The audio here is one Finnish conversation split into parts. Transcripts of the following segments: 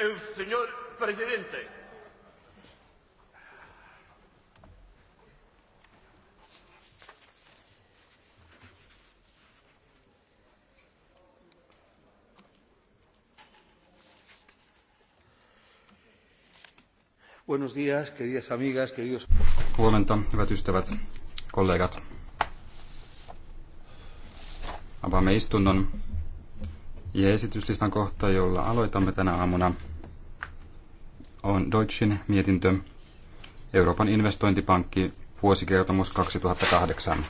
El señor presidente. Buenos días, queridas amigas, queridos... Huomenta, hyvät ystävät, kollegat. Avaamme istunnon ja esityslistan kohta, jolla aloitamme tänä aamuna on Deutschen mietintö Euroopan investointipankki vuosikertomus 2008.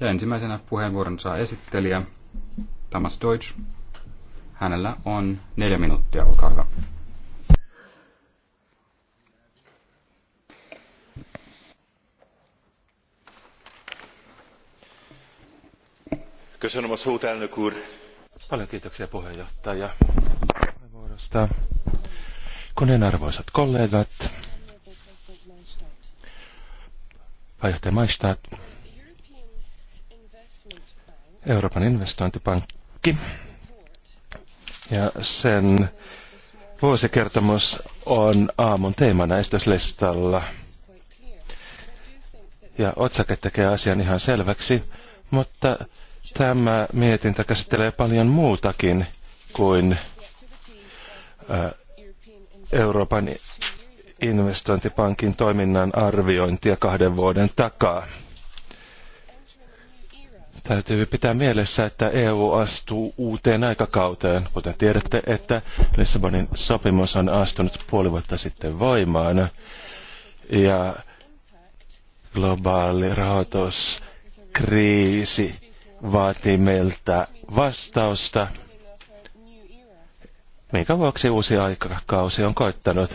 Ja ensimmäisenä puheenvuoron saa esittelijä Thomas Deutsch. Hänellä on neljä minuuttia, olkaa hyvä. Köszönöm a szót, elnök úr! Paljon kiitoksia puheenjohtaja puheenvuorosta. Kunnen arvoisat kollegat, pääjohtaja Maistat, Euroopan investointipankki ja sen vuosikertomus on aamun teemana esityslistalla. Ja otsake tekee asian ihan selväksi, mutta Tämä mietintä käsittelee paljon muutakin kuin Euroopan investointipankin toiminnan arviointia kahden vuoden takaa. Täytyy pitää mielessä, että EU astuu uuteen aikakauteen. Kuten tiedätte, että Lissabonin sopimus on astunut puoli vuotta sitten voimaan. Ja globaali rahoituskriisi vaatii meiltä vastausta, minkä vuoksi uusi aikakausi on koittanut.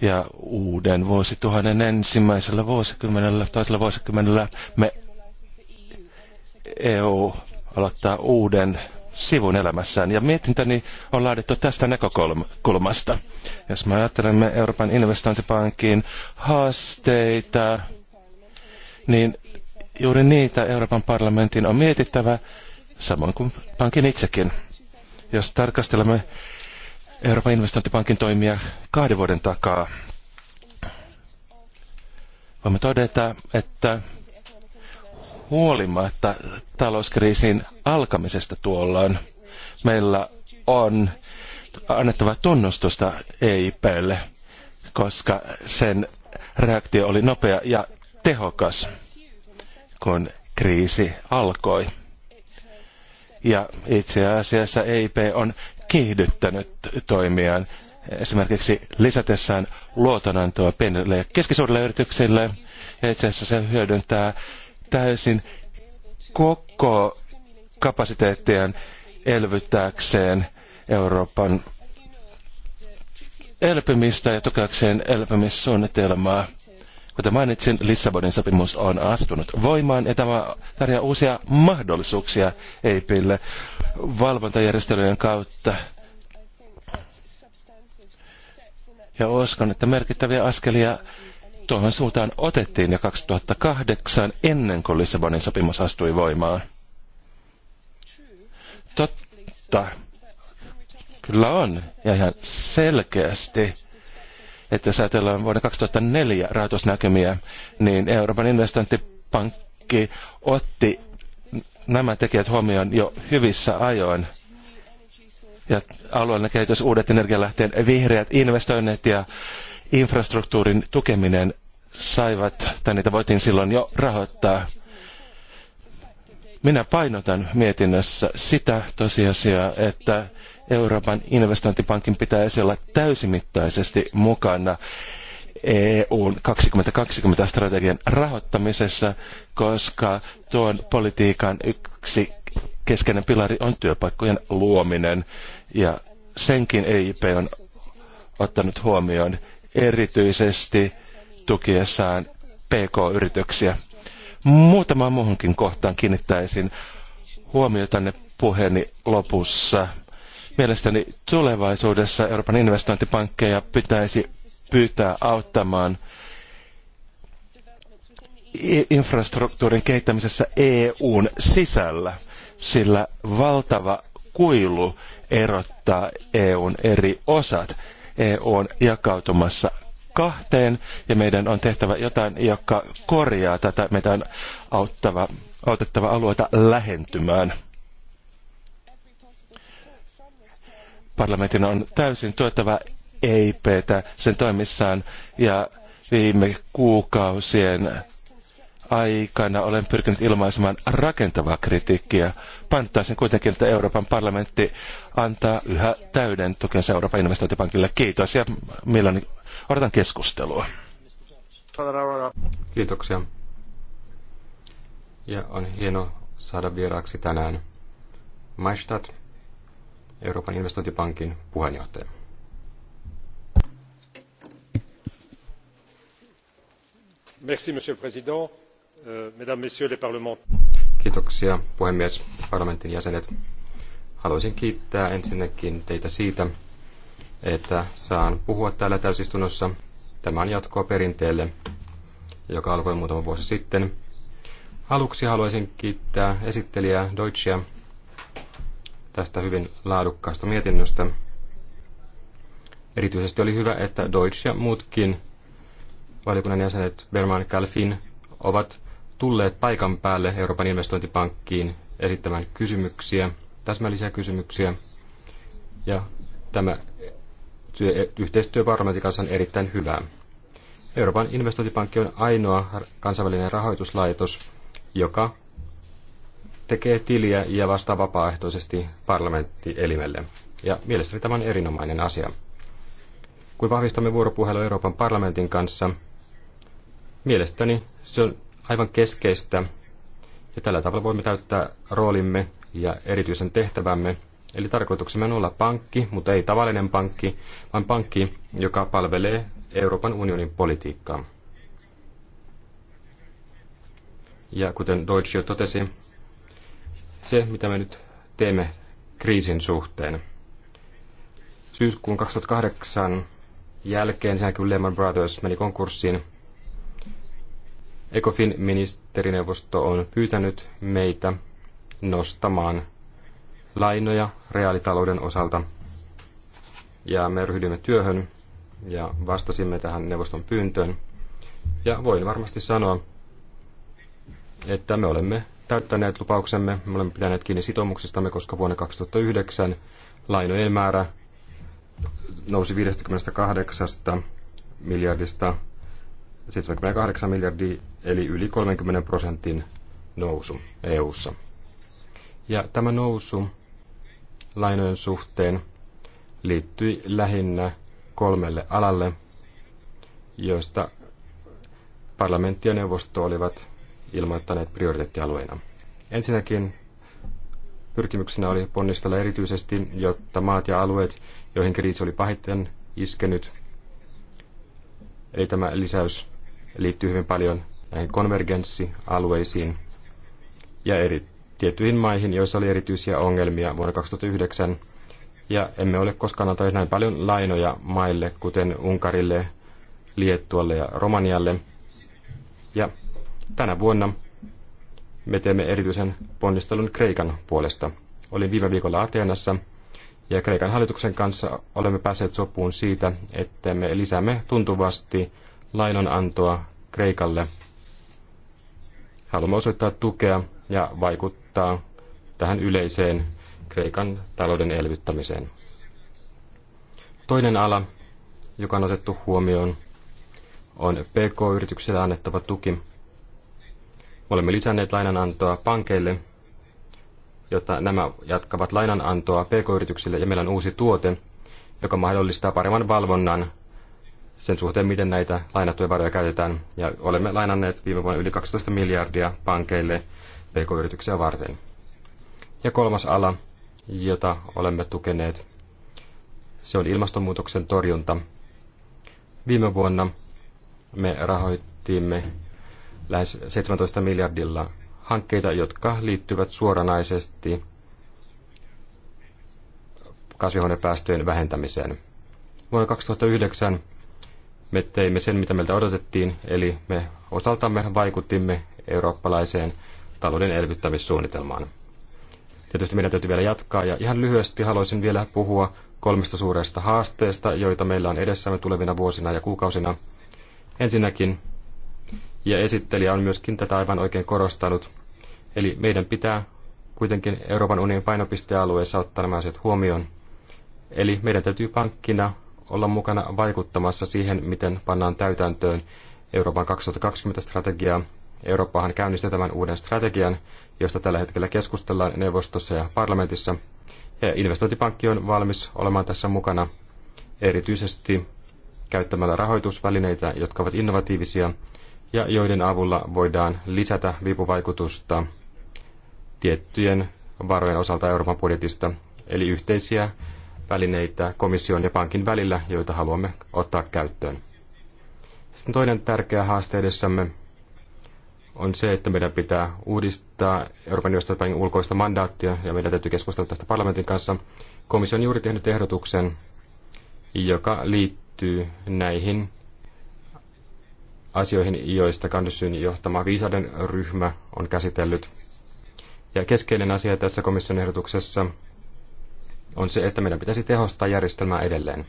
Ja uuden vuosituhannen ensimmäisellä vuosikymmenellä, toisella vuosikymmenellä me EU aloittaa uuden sivun elämässään. Ja mietintäni on laadittu tästä näkökulmasta. Jos me ajattelemme Euroopan investointipankin haasteita, niin Juuri niitä Euroopan parlamentin on mietittävä, samoin kuin pankin itsekin. Jos tarkastelemme Euroopan investointipankin toimia kahden vuoden takaa, voimme todeta, että huolimatta talouskriisin alkamisesta tuolloin, meillä on annettava tunnustusta EIPlle, koska sen reaktio oli nopea ja tehokas kun kriisi alkoi. Ja itse asiassa EIP on kiihdyttänyt toimiaan esimerkiksi lisätessään luotonantoa pienille ja keskisuurille yrityksille. Ja itse asiassa se hyödyntää täysin koko kapasiteettien elvyttääkseen Euroopan elpymistä ja tukeakseen elpymissuunnitelmaa. Kuten mainitsin, Lissabonin sopimus on astunut voimaan ja tämä tarjoaa uusia mahdollisuuksia EIPille valvontajärjestelyjen kautta. Ja uskon, että merkittäviä askelia tuohon suuntaan otettiin jo 2008 ennen kuin Lissabonin sopimus astui voimaan. Totta. Kyllä on. Ja ihan selkeästi että jos ajatellaan vuoden 2004 rahoitusnäkymiä, niin Euroopan investointipankki otti nämä tekijät huomioon jo hyvissä ajoin. Ja alueellinen kehitys, uudet energialähteen vihreät investoinnit ja infrastruktuurin tukeminen saivat, tai niitä voitiin silloin jo rahoittaa. Minä painotan mietinnössä sitä tosiasiaa, että Euroopan investointipankin pitäisi olla täysimittaisesti mukana EUn 2020-strategian rahoittamisessa, koska tuon politiikan yksi keskeinen pilari on työpaikkojen luominen. Ja senkin EIP on ottanut huomioon erityisesti tukiessaan PK-yrityksiä. Muutamaan muuhunkin kohtaan kiinnittäisin huomiotanne puheeni lopussa. Mielestäni tulevaisuudessa Euroopan investointipankkeja pitäisi pyytää auttamaan infrastruktuurin kehittämisessä EUn sisällä, sillä valtava kuilu erottaa EUn eri osat. EU on jakautumassa kahteen ja meidän on tehtävä jotain, joka korjaa tätä. Meidän auttava, autettava alueita lähentymään. Parlamentin on täysin tuettava EIPtä sen toimissaan ja viime kuukausien aikana olen pyrkinyt ilmaisemaan rakentavaa kritiikkiä. Panttaisin kuitenkin, että Euroopan parlamentti antaa yhä täyden tukensa Euroopan investointipankille. Kiitos ja mielelläni odotan keskustelua. Kiitoksia. Ja on hieno saada vieraaksi tänään Maistat, Euroopan investointipankin puheenjohtaja. Merci, monsieur le président. Euh, mesdames, messieurs les parlementaires. Kiitoksia, puhemies, parlamentin jäsenet. Haluaisin kiittää ensinnäkin teitä siitä, että saan puhua täällä täysistunnossa. Tämä on jatkoa perinteelle, joka alkoi muutama vuosi sitten. Aluksi haluaisin kiittää esittelijää Deutschea tästä hyvin laadukkaasta mietinnöstä. Erityisesti oli hyvä, että Deutsch ja muutkin valiokunnan jäsenet Berman Kalfin ovat tulleet paikan päälle Euroopan investointipankkiin esittämään kysymyksiä, täsmällisiä kysymyksiä. Ja tämä työ, yhteistyö parlamentin kanssa on erittäin hyvää. Euroopan investointipankki on ainoa kansainvälinen rahoituslaitos, joka tekee tiliä ja vastaa vapaaehtoisesti parlamenttielimelle. Ja mielestäni tämä on erinomainen asia. Kun vahvistamme vuoropuhelua Euroopan parlamentin kanssa, mielestäni se on aivan keskeistä ja tällä tavalla voimme täyttää roolimme ja erityisen tehtävämme. Eli tarkoituksemme on olla pankki, mutta ei tavallinen pankki, vaan pankki, joka palvelee Euroopan unionin politiikkaa. Ja kuten Deutsch jo totesi, se, mitä me nyt teemme kriisin suhteen. Syyskuun 2008 jälkeen, sehän kun Lehman Brothers meni konkurssiin, ECOFIN ministerineuvosto on pyytänyt meitä nostamaan lainoja reaalitalouden osalta. Ja me ryhdyimme työhön ja vastasimme tähän neuvoston pyyntöön. Ja voin varmasti sanoa, että me olemme täyttäneet lupauksemme, me olemme pitäneet kiinni sitoumuksistamme, koska vuonna 2009 lainojen määrä nousi 58 miljardista 78 miljardia, eli yli 30 prosentin nousu EU:ssa. Ja tämä nousu lainojen suhteen liittyi lähinnä kolmelle alalle, joista parlamentti ja neuvosto olivat ilmoittaneet prioriteettialueina. Ensinnäkin pyrkimyksenä oli ponnistella erityisesti, jotta maat ja alueet, joihin kriisi oli pahiten iskenyt, eli tämä lisäys liittyy hyvin paljon näihin konvergenssialueisiin ja eri, tiettyihin maihin, joissa oli erityisiä ongelmia vuonna 2009, ja emme ole koskaan antaneet näin paljon lainoja maille, kuten Unkarille, Liettualle ja Romanialle. Ja Tänä vuonna me teemme erityisen ponnistelun Kreikan puolesta. Olin viime viikolla Ateenassa ja Kreikan hallituksen kanssa olemme päässeet sopuun siitä, että me lisäämme tuntuvasti lainanantoa Kreikalle. Haluamme osoittaa tukea ja vaikuttaa tähän yleiseen Kreikan talouden elvyttämiseen. Toinen ala, joka on otettu huomioon, on PK-yrityksille annettava tuki. Olemme lisänneet lainanantoa pankeille, jotta nämä jatkavat lainanantoa pk-yrityksille ja meillä on uusi tuote, joka mahdollistaa paremman valvonnan sen suhteen, miten näitä lainattuja varoja käytetään. Ja olemme lainanneet viime vuonna yli 12 miljardia pankeille pk-yrityksiä varten. Ja kolmas ala, jota olemme tukeneet, se on ilmastonmuutoksen torjunta. Viime vuonna me rahoitimme lähes 17 miljardilla hankkeita, jotka liittyvät suoranaisesti kasvihuonepäästöjen vähentämiseen. Vuonna 2009 me teimme sen, mitä meiltä odotettiin, eli me osaltamme vaikutimme eurooppalaiseen talouden elvyttämissuunnitelmaan. Tietysti meidän täytyy vielä jatkaa, ja ihan lyhyesti haluaisin vielä puhua kolmesta suuresta haasteesta, joita meillä on edessämme tulevina vuosina ja kuukausina. Ensinnäkin ja esittelijä on myöskin tätä aivan oikein korostanut. Eli meidän pitää kuitenkin Euroopan unionin painopistealueessa ottaa nämä asiat huomioon. Eli meidän täytyy pankkina olla mukana vaikuttamassa siihen, miten pannaan täytäntöön Euroopan 2020-strategiaa. Eurooppahan käynnisti tämän uuden strategian, josta tällä hetkellä keskustellaan neuvostossa ja parlamentissa. Ja investointipankki on valmis olemaan tässä mukana erityisesti käyttämällä rahoitusvälineitä, jotka ovat innovatiivisia ja joiden avulla voidaan lisätä vipuvaikutusta tiettyjen varojen osalta Euroopan budjetista, eli yhteisiä välineitä komission ja pankin välillä, joita haluamme ottaa käyttöön. Sitten toinen tärkeä haaste edessämme on se, että meidän pitää uudistaa Euroopan investointipankin ulkoista mandaattia, ja meidän täytyy keskustella tästä parlamentin kanssa. Komissio on juuri tehnyt ehdotuksen, joka liittyy näihin asioihin, joista Kandyssyn johtama viisauden ryhmä on käsitellyt. Ja keskeinen asia tässä komission ehdotuksessa on se, että meidän pitäisi tehostaa järjestelmää edelleen.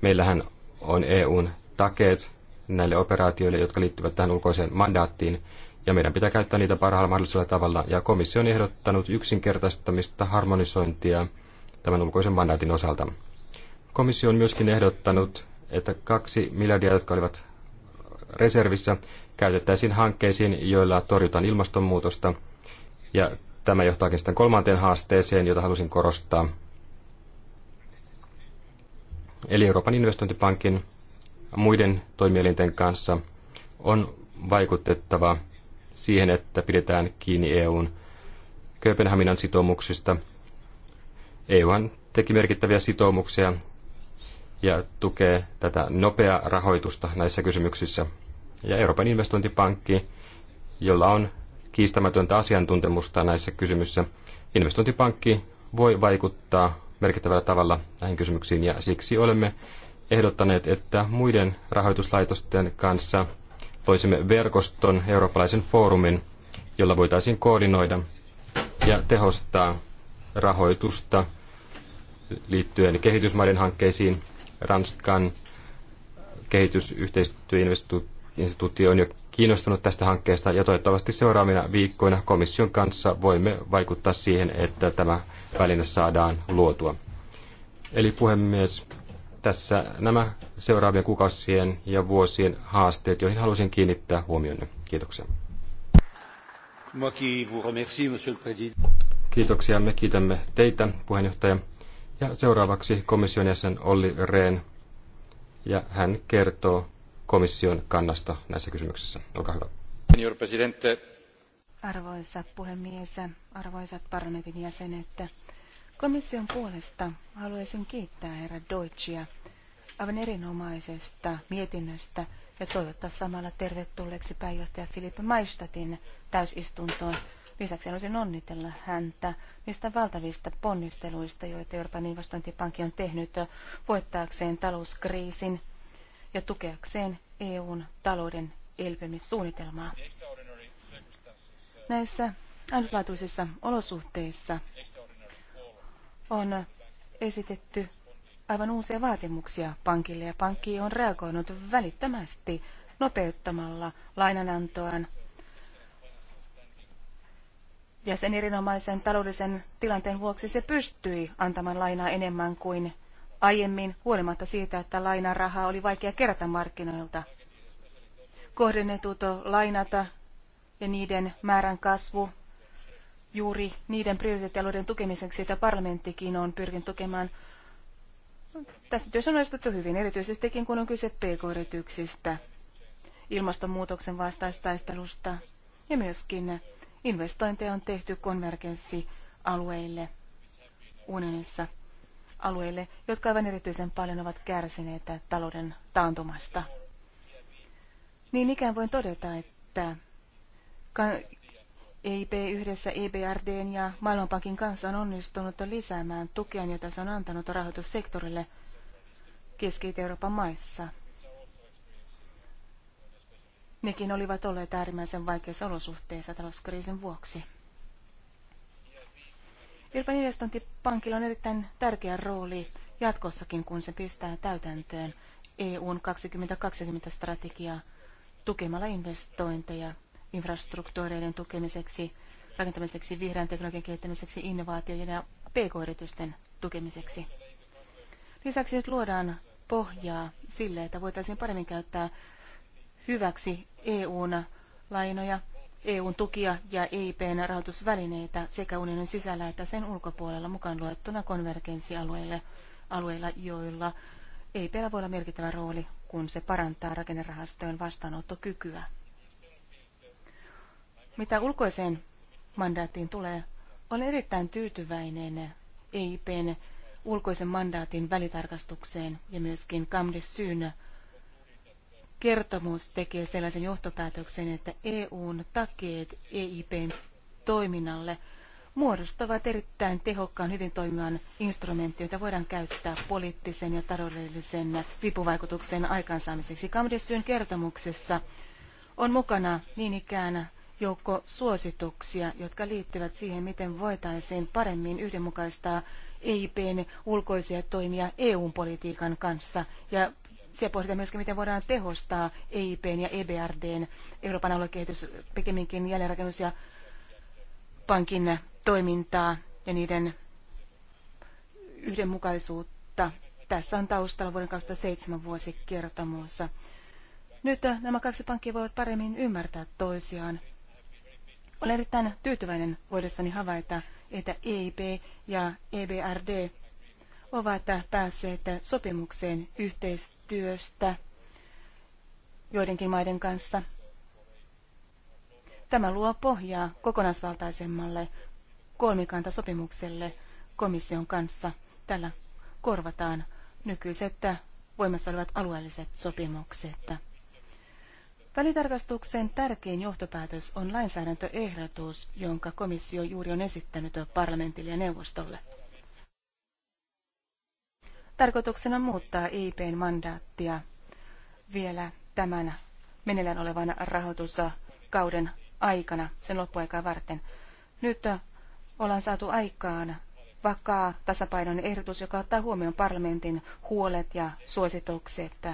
Meillähän on EUn takeet näille operaatioille, jotka liittyvät tähän ulkoiseen mandaattiin, ja meidän pitää käyttää niitä parhaalla mahdollisella tavalla, ja komissio on ehdottanut yksinkertaistamista harmonisointia tämän ulkoisen mandaatin osalta. Komissio on myöskin ehdottanut, että kaksi miljardia, jotka olivat reservissä käytettäisiin hankkeisiin, joilla torjutaan ilmastonmuutosta. Ja tämä johtaakin sitten kolmanteen haasteeseen, jota halusin korostaa. Eli Euroopan investointipankin muiden toimielinten kanssa on vaikutettava siihen, että pidetään kiinni EUn Kööpenhaminan sitoumuksista. EUhan teki merkittäviä sitoumuksia ja tukee tätä nopeaa rahoitusta näissä kysymyksissä ja Euroopan investointipankki, jolla on kiistämätöntä asiantuntemusta näissä kysymyksissä. Investointipankki voi vaikuttaa merkittävällä tavalla näihin kysymyksiin ja siksi olemme ehdottaneet, että muiden rahoituslaitosten kanssa loisimme verkoston eurooppalaisen foorumin, jolla voitaisiin koordinoida ja tehostaa rahoitusta liittyen kehitysmaiden hankkeisiin, Ranskan kehitysyhteistyöinstituutti instituutti on jo kiinnostunut tästä hankkeesta ja toivottavasti seuraavina viikkoina komission kanssa voimme vaikuttaa siihen, että tämä väline saadaan luotua. Eli puhemies, tässä nämä seuraavien kuukausien ja vuosien haasteet, joihin halusin kiinnittää huomionne. Kiitoksia. Kiitoksia, me kiitämme teitä, puheenjohtaja. Ja seuraavaksi komission jäsen Olli Rehn, ja hän kertoo komission kannasta näissä kysymyksissä. Olkaa hyvä. Arvoisa puhemies, arvoisat parlamentin jäsenet, komission puolesta haluaisin kiittää herra Deutschia aivan erinomaisesta mietinnöstä ja toivottaa samalla tervetulleeksi pääjohtaja Filippe Maistatin täysistuntoon. Lisäksi haluaisin onnitella häntä niistä valtavista ponnisteluista, joita Euroopan investointipankki on tehnyt voittaakseen talouskriisin ja tukeakseen EUn talouden elpymissuunnitelmaa. Näissä ainutlaatuisissa olosuhteissa on esitetty aivan uusia vaatimuksia pankille ja pankki on reagoinut välittömästi nopeuttamalla lainanantoaan ja sen erinomaisen taloudellisen tilanteen vuoksi se pystyi antamaan lainaa enemmän kuin aiemmin huolimatta siitä, että lainarahaa oli vaikea kerätä markkinoilta. Kohdennetut lainata ja niiden määrän kasvu juuri niiden prioriteettialueiden tukemiseksi, että parlamenttikin on pyrkinyt tukemaan. Tässä työssä on onnistuttu hyvin, erityisestikin kun on kyse pk-yrityksistä, ilmastonmuutoksen vastaistaistelusta ja myöskin investointeja on tehty konvergenssialueille unionissa alueille, jotka aivan erityisen paljon ovat kärsineet talouden taantumasta. Niin ikään voin todeta, että EIP yhdessä EBRDn ja Maailmanpankin kanssa on onnistunut lisäämään tukea, jota se on antanut rahoitussektorille Keski-Euroopan maissa. Nekin olivat olleet äärimmäisen vaikeissa olosuhteissa talouskriisin vuoksi. Euroopan investointipankilla on erittäin tärkeä rooli jatkossakin, kun se pistää täytäntöön EUn 2020-strategiaa tukemalla investointeja infrastruktuureiden tukemiseksi, rakentamiseksi, vihreän teknologian kehittämiseksi, innovaatioiden ja pk-yritysten tukemiseksi. Lisäksi nyt luodaan pohjaa sille, että voitaisiin paremmin käyttää hyväksi EUn lainoja EUn tukia ja EIPn rahoitusvälineitä sekä unionin sisällä että sen ulkopuolella mukaan luettuna konvergenssialueille, alueilla, joilla EIPllä voi olla merkittävä rooli, kun se parantaa rakennerahastojen vastaanottokykyä. Mitä ulkoiseen mandaattiin tulee, olen erittäin tyytyväinen EIPn ulkoisen mandaatin välitarkastukseen ja myöskin Kamdessyyn kertomus tekee sellaisen johtopäätöksen, että EUn takeet EIPn toiminnalle muodostavat erittäin tehokkaan, hyvin toimivan instrumentti, jota voidaan käyttää poliittisen ja taloudellisen vipuvaikutuksen aikaansaamiseksi. Kamdessyn kertomuksessa on mukana niin ikään joukko suosituksia, jotka liittyvät siihen, miten voitaisiin paremmin yhdenmukaistaa EIPn ulkoisia toimia EU-politiikan kanssa ja siellä pohditaan myöskin, miten voidaan tehostaa EIPn ja EBRDn Euroopan aluekehitys, pikemminkin jälleenrakennus- ja pankin toimintaa ja niiden yhdenmukaisuutta. Tässä on taustalla vuoden 2007 vuosikertomuussa. Nyt nämä kaksi pankkia voivat paremmin ymmärtää toisiaan. Olen erittäin tyytyväinen voidessani havaita, että EIP ja EBRD ovat päässeet sopimukseen yhteis- yhteistyöstä joidenkin maiden kanssa. Tämä luo pohjaa kokonaisvaltaisemmalle kolmikantasopimukselle komission kanssa. Tällä korvataan nykyiset voimassa olevat alueelliset sopimukset. Välitarkastuksen tärkein johtopäätös on lainsäädäntöehdotus, jonka komissio juuri on esittänyt parlamentille ja neuvostolle. Tarkoituksena muuttaa IPn mandaattia vielä tämän meneillään olevan rahoituskauden aikana, sen loppuaikaa varten. Nyt ollaan saatu aikaan vakaa tasapainoinen ehdotus, joka ottaa huomioon parlamentin huolet ja suositukset.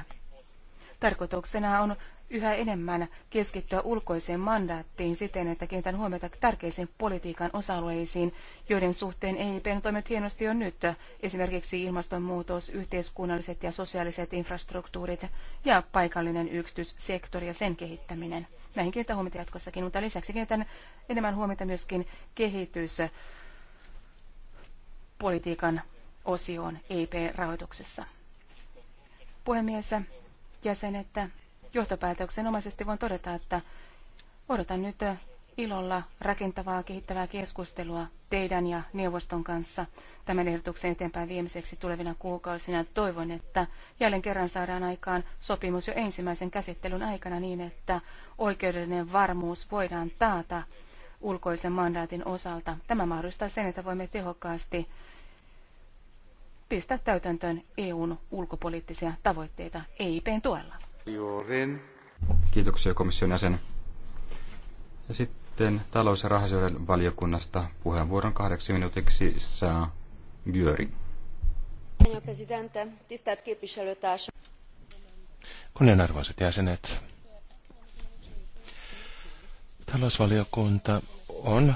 Tarkoituksena on yhä enemmän keskittyä ulkoiseen mandaattiin siten, että kiinnitän huomiota tärkeisiin politiikan osa-alueisiin, joiden suhteen EIP on toiminut hienosti jo nyt, esimerkiksi ilmastonmuutos, yhteiskunnalliset ja sosiaaliset infrastruktuurit ja paikallinen yksityissektori ja sen kehittäminen. Näihin kiinnitän huomiota jatkossakin, mutta lisäksi kiinnitän enemmän huomiota myöskin kehityspolitiikan osioon EIP-rahoituksessa. Puhemies, jäsenet, johtopäätöksenomaisesti voin todeta, että odotan nyt ilolla rakentavaa kehittävää keskustelua teidän ja neuvoston kanssa tämän ehdotuksen eteenpäin viemiseksi tulevina kuukausina. Toivon, että jälleen kerran saadaan aikaan sopimus jo ensimmäisen käsittelyn aikana niin, että oikeudellinen varmuus voidaan taata ulkoisen mandaatin osalta. Tämä mahdollistaa sen, että voimme tehokkaasti pistää täytäntöön EUn ulkopoliittisia tavoitteita EIPn tuella. Kiitoksia komission jäsen. Ja sitten talous- ja rahasioiden valiokunnasta puheenvuoron kahdeksi minuutiksi saa Györi. Kunnianarvoiset jäsenet, talousvaliokunta on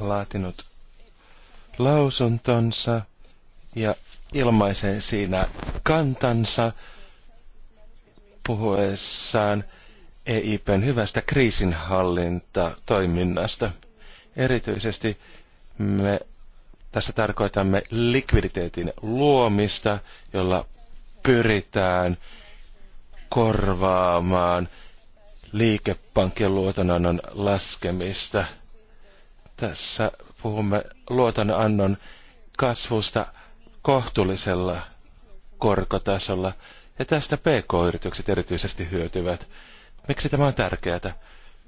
laatinut lausuntonsa ja ilmaisee siinä kantansa puhuessaan EIPn hyvästä kriisinhallintatoiminnasta. Erityisesti me tässä tarkoitamme likviditeetin luomista, jolla pyritään korvaamaan liikepankin luotonannon laskemista. Tässä puhumme luotonannon kasvusta kohtuullisella korkotasolla ja tästä PK-yritykset erityisesti hyötyvät. Miksi tämä on tärkeää?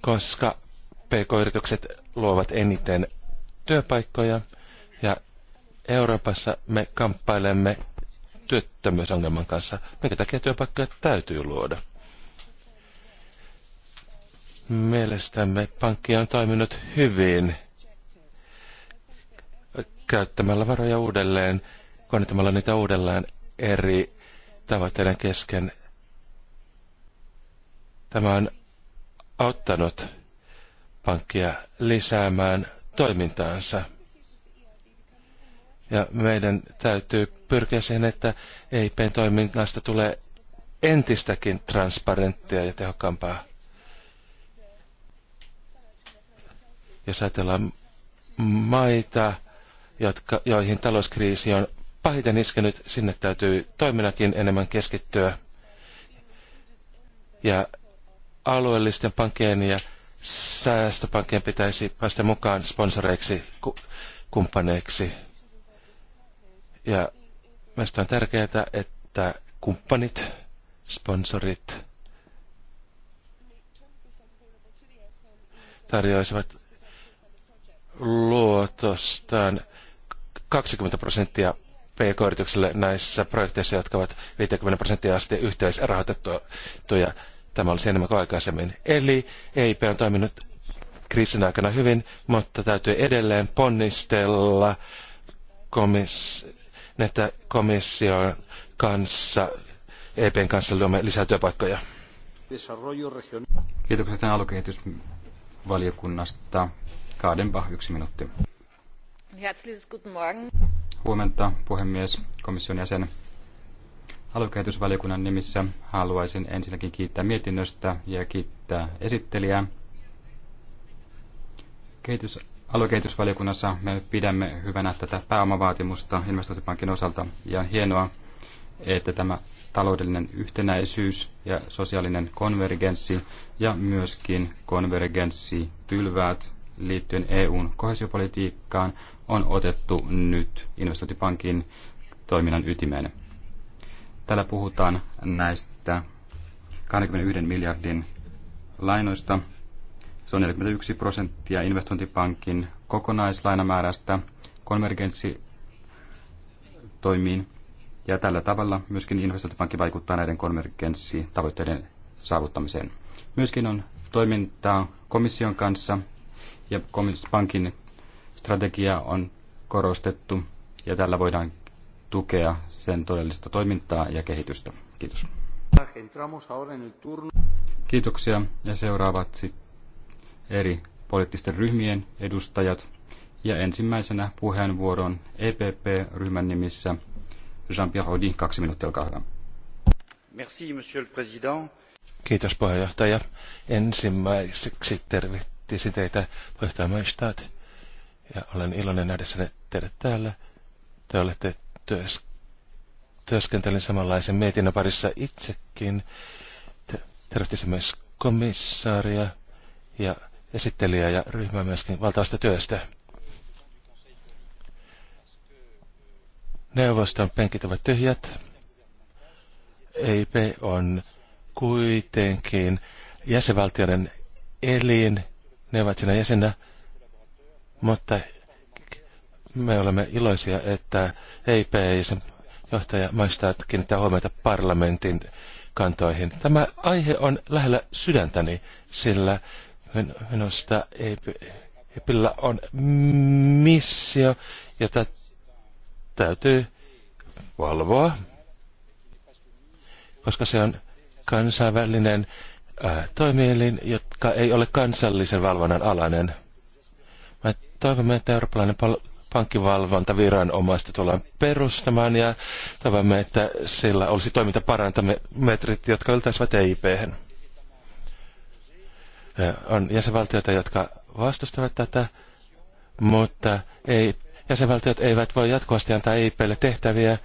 Koska PK-yritykset luovat eniten työpaikkoja ja Euroopassa me kamppailemme työttömyysongelman kanssa, minkä takia työpaikkoja täytyy luoda. Mielestämme pankki on toiminut hyvin käyttämällä varoja uudelleen, kohdentamalla niitä uudelleen eri tavoitteiden kesken. Tämä on auttanut pankkia lisäämään toimintaansa. Ja meidän täytyy pyrkiä siihen, että EIPn toiminnasta tulee entistäkin transparenttia ja tehokkaampaa. Jos ajatellaan maita, jotka, joihin talouskriisi on pahiten iskenyt, sinne täytyy toiminnakin enemmän keskittyä. Ja alueellisten pankkien ja säästöpankkien pitäisi päästä mukaan sponsoreiksi, ku, kumppaneiksi. Ja meistä on tärkeää, että kumppanit, sponsorit tarjoaisivat luotostaan 20 prosenttia PK-yritykselle näissä projekteissa, jotka ovat 50 prosenttia asti yhteisrahoitettuja. Tämä olisi enemmän kuin aikaisemmin. Eli EIP on toiminut kriisin aikana hyvin, mutta täytyy edelleen ponnistella komis- että komission kanssa, EPn kanssa luomme lisää työpaikkoja. Kiitokset aluekehitysvaliokunnasta. Kaadenpa yksi minuutti. Huomenta, puhemies, komission jäsen. Aluekehitysvaliokunnan nimissä haluaisin ensinnäkin kiittää mietinnöstä ja kiittää esittelijää. Kehitys, aluekehitysvaliokunnassa me pidämme hyvänä tätä pääomavaatimusta investointipankin osalta ja on hienoa, että tämä taloudellinen yhtenäisyys ja sosiaalinen konvergenssi ja myöskin konvergenssipylväät liittyen EUn kohesiopolitiikkaan on otettu nyt investointipankin toiminnan ytimeen. Täällä puhutaan näistä 21 miljardin lainoista. Se on 41 prosenttia investointipankin kokonaislainamäärästä konvergenssitoimiin. Ja tällä tavalla myöskin investointipankki vaikuttaa näiden konvergenssitavoitteiden saavuttamiseen. Myöskin on toimintaa komission kanssa ja pankin strategia on korostettu ja tällä voidaan tukea sen todellista toimintaa ja kehitystä. Kiitos. Kiitoksia ja seuraavat eri poliittisten ryhmien edustajat. Ja ensimmäisenä puheenvuoron EPP-ryhmän nimissä Jean-Pierre Audin kaksi minuuttia, olkaa hyvä. Merci, monsieur le président. Kiitos puheenjohtaja. Ensimmäiseksi tervehtisin teitä puheenjohtaja Maistat ja olen iloinen nähdessäni teidät täällä. Te olette työs, työskentelin samanlaisen mietinnän parissa itsekin. Te, tervehtisimme myös komissaaria ja esittelijä ja ryhmää myöskin valtavasta työstä. Neuvoston penkit ovat tyhjät. EIP on kuitenkin jäsenvaltioiden elin. Ne ovat siinä jäsenä. Mutta me olemme iloisia, että EIP ja sen johtaja maistaa kiinnittää huomiota parlamentin kantoihin. Tämä aihe on lähellä sydäntäni, sillä minusta EIPillä on missio, jota täytyy valvoa, koska se on kansainvälinen toimielin, joka ei ole kansallisen valvonnan alainen. Toivomme, että eurooppalainen pal- pankkivalvontaviranomaista tullaan perustamaan ja toivomme, että sillä olisi toimintaparantametrit, jotka yltäisivät eip -hän. On jäsenvaltioita, jotka vastustavat tätä, mutta ei, jäsenvaltiot eivät voi jatkuvasti antaa EIPlle tehtäviä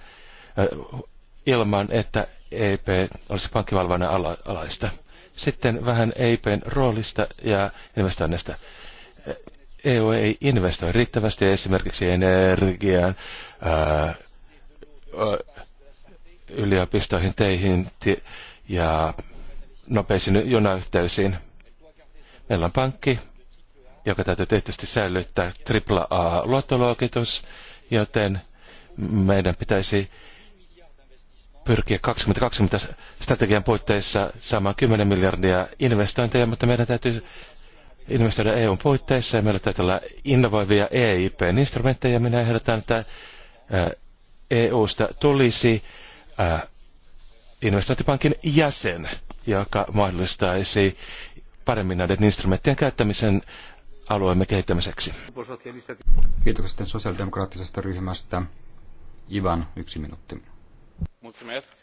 ilman, että EIP olisi pankkivalvonnan ala- alaista. Sitten vähän EIPn roolista ja investoinnista. EU ei investoi riittävästi esimerkiksi energiaan, yliopistoihin, teihin ja nopeisiin junayhteisiin. Meillä on pankki, joka täytyy tietysti säilyttää AAA-luottoluokitus, joten meidän pitäisi pyrkiä 2020 strategian puitteissa saamaan 10 miljardia investointeja, mutta meidän täytyy investoida EUn puitteissa ja meillä täytyy olla innovoivia EIP-instrumentteja. Minä ehdotan, että EUsta tulisi investointipankin jäsen, joka mahdollistaisi paremmin näiden instrumenttien käyttämisen alueemme kehittämiseksi. Kiitokset sosiaalidemokraattisesta ryhmästä. Ivan, yksi minuutti. Mulțumesc.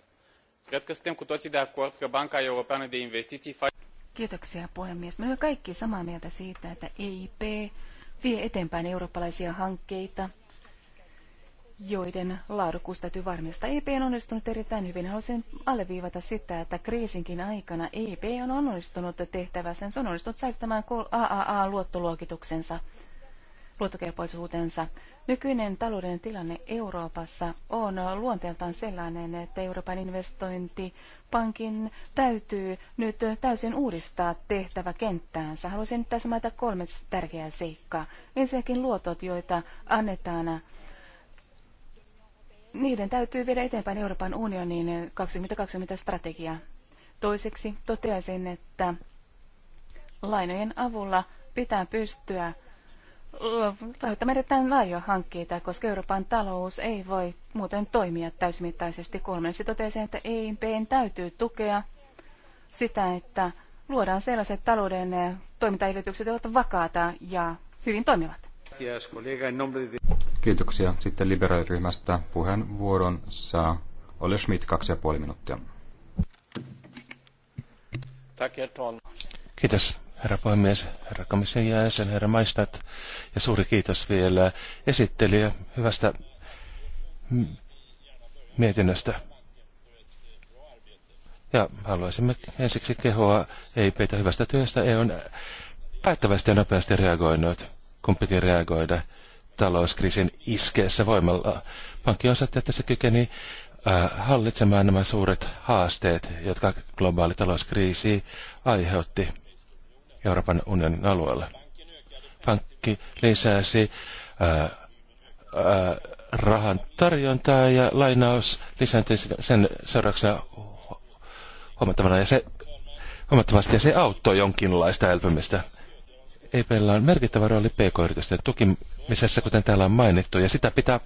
Cred că suntem cu toții de acord că Banca Europeană de Investiții face... Kiitoksia puhemies. Me olemme kaikki samaa mieltä siitä, että EIP vie eteenpäin eurooppalaisia hankkeita, joiden laadukkuus täytyy varmistaa. EIP on onnistunut erittäin hyvin. Haluaisin alleviivata sitä, että kriisinkin aikana EIP on onnistunut tehtävänsä. Se on onnistunut säilyttämään AAA-luottoluokituksensa, luottokelpoisuutensa. Nykyinen talouden tilanne Euroopassa on luonteeltaan sellainen, että Euroopan investointipankin täytyy nyt täysin uudistaa tehtäväkenttäänsä. kenttäänsä. Haluaisin tässä mainita kolme tärkeää seikkaa. Ensinnäkin luotot, joita annetaan niiden täytyy viedä eteenpäin Euroopan unionin 2020-strategiaa. Toiseksi toteaisin, että lainojen avulla pitää pystyä rahoittamme laajoja hankkeita, koska Euroopan talous ei voi muuten toimia täysimittaisesti. Kolmanneksi totesin, että EIPn täytyy tukea sitä, että luodaan sellaiset talouden toimintaedellytykset, jotka ovat vakaata ja hyvin toimivat. Kiitoksia. Sitten liberaaliryhmästä puheenvuoron saa Ole Schmidt, kaksi ja puoli minuuttia. Kiitos herra puhemies, herra komission jäsen, herra maistat ja suuri kiitos vielä esittelijä hyvästä mietinnöstä. Ja haluaisimme ensiksi kehoa ei peitä hyvästä työstä. Ei on päättävästi ja nopeasti reagoinut, kun piti reagoida talouskriisin iskeessä voimalla. Pankki osoitti, että se kykeni hallitsemaan nämä suuret haasteet, jotka globaali talouskriisi aiheutti. Euroopan unionin alueella. Pankki lisäsi ää, ää, rahan tarjontaa ja lainaus lisääntyi sen seurauksena huomattavana ja se, huomattavasti ja se auttoi jonkinlaista elpymistä. EPllä on merkittävä rooli pk-yritysten tukimisessa, kuten täällä on mainittu, ja sitä pitää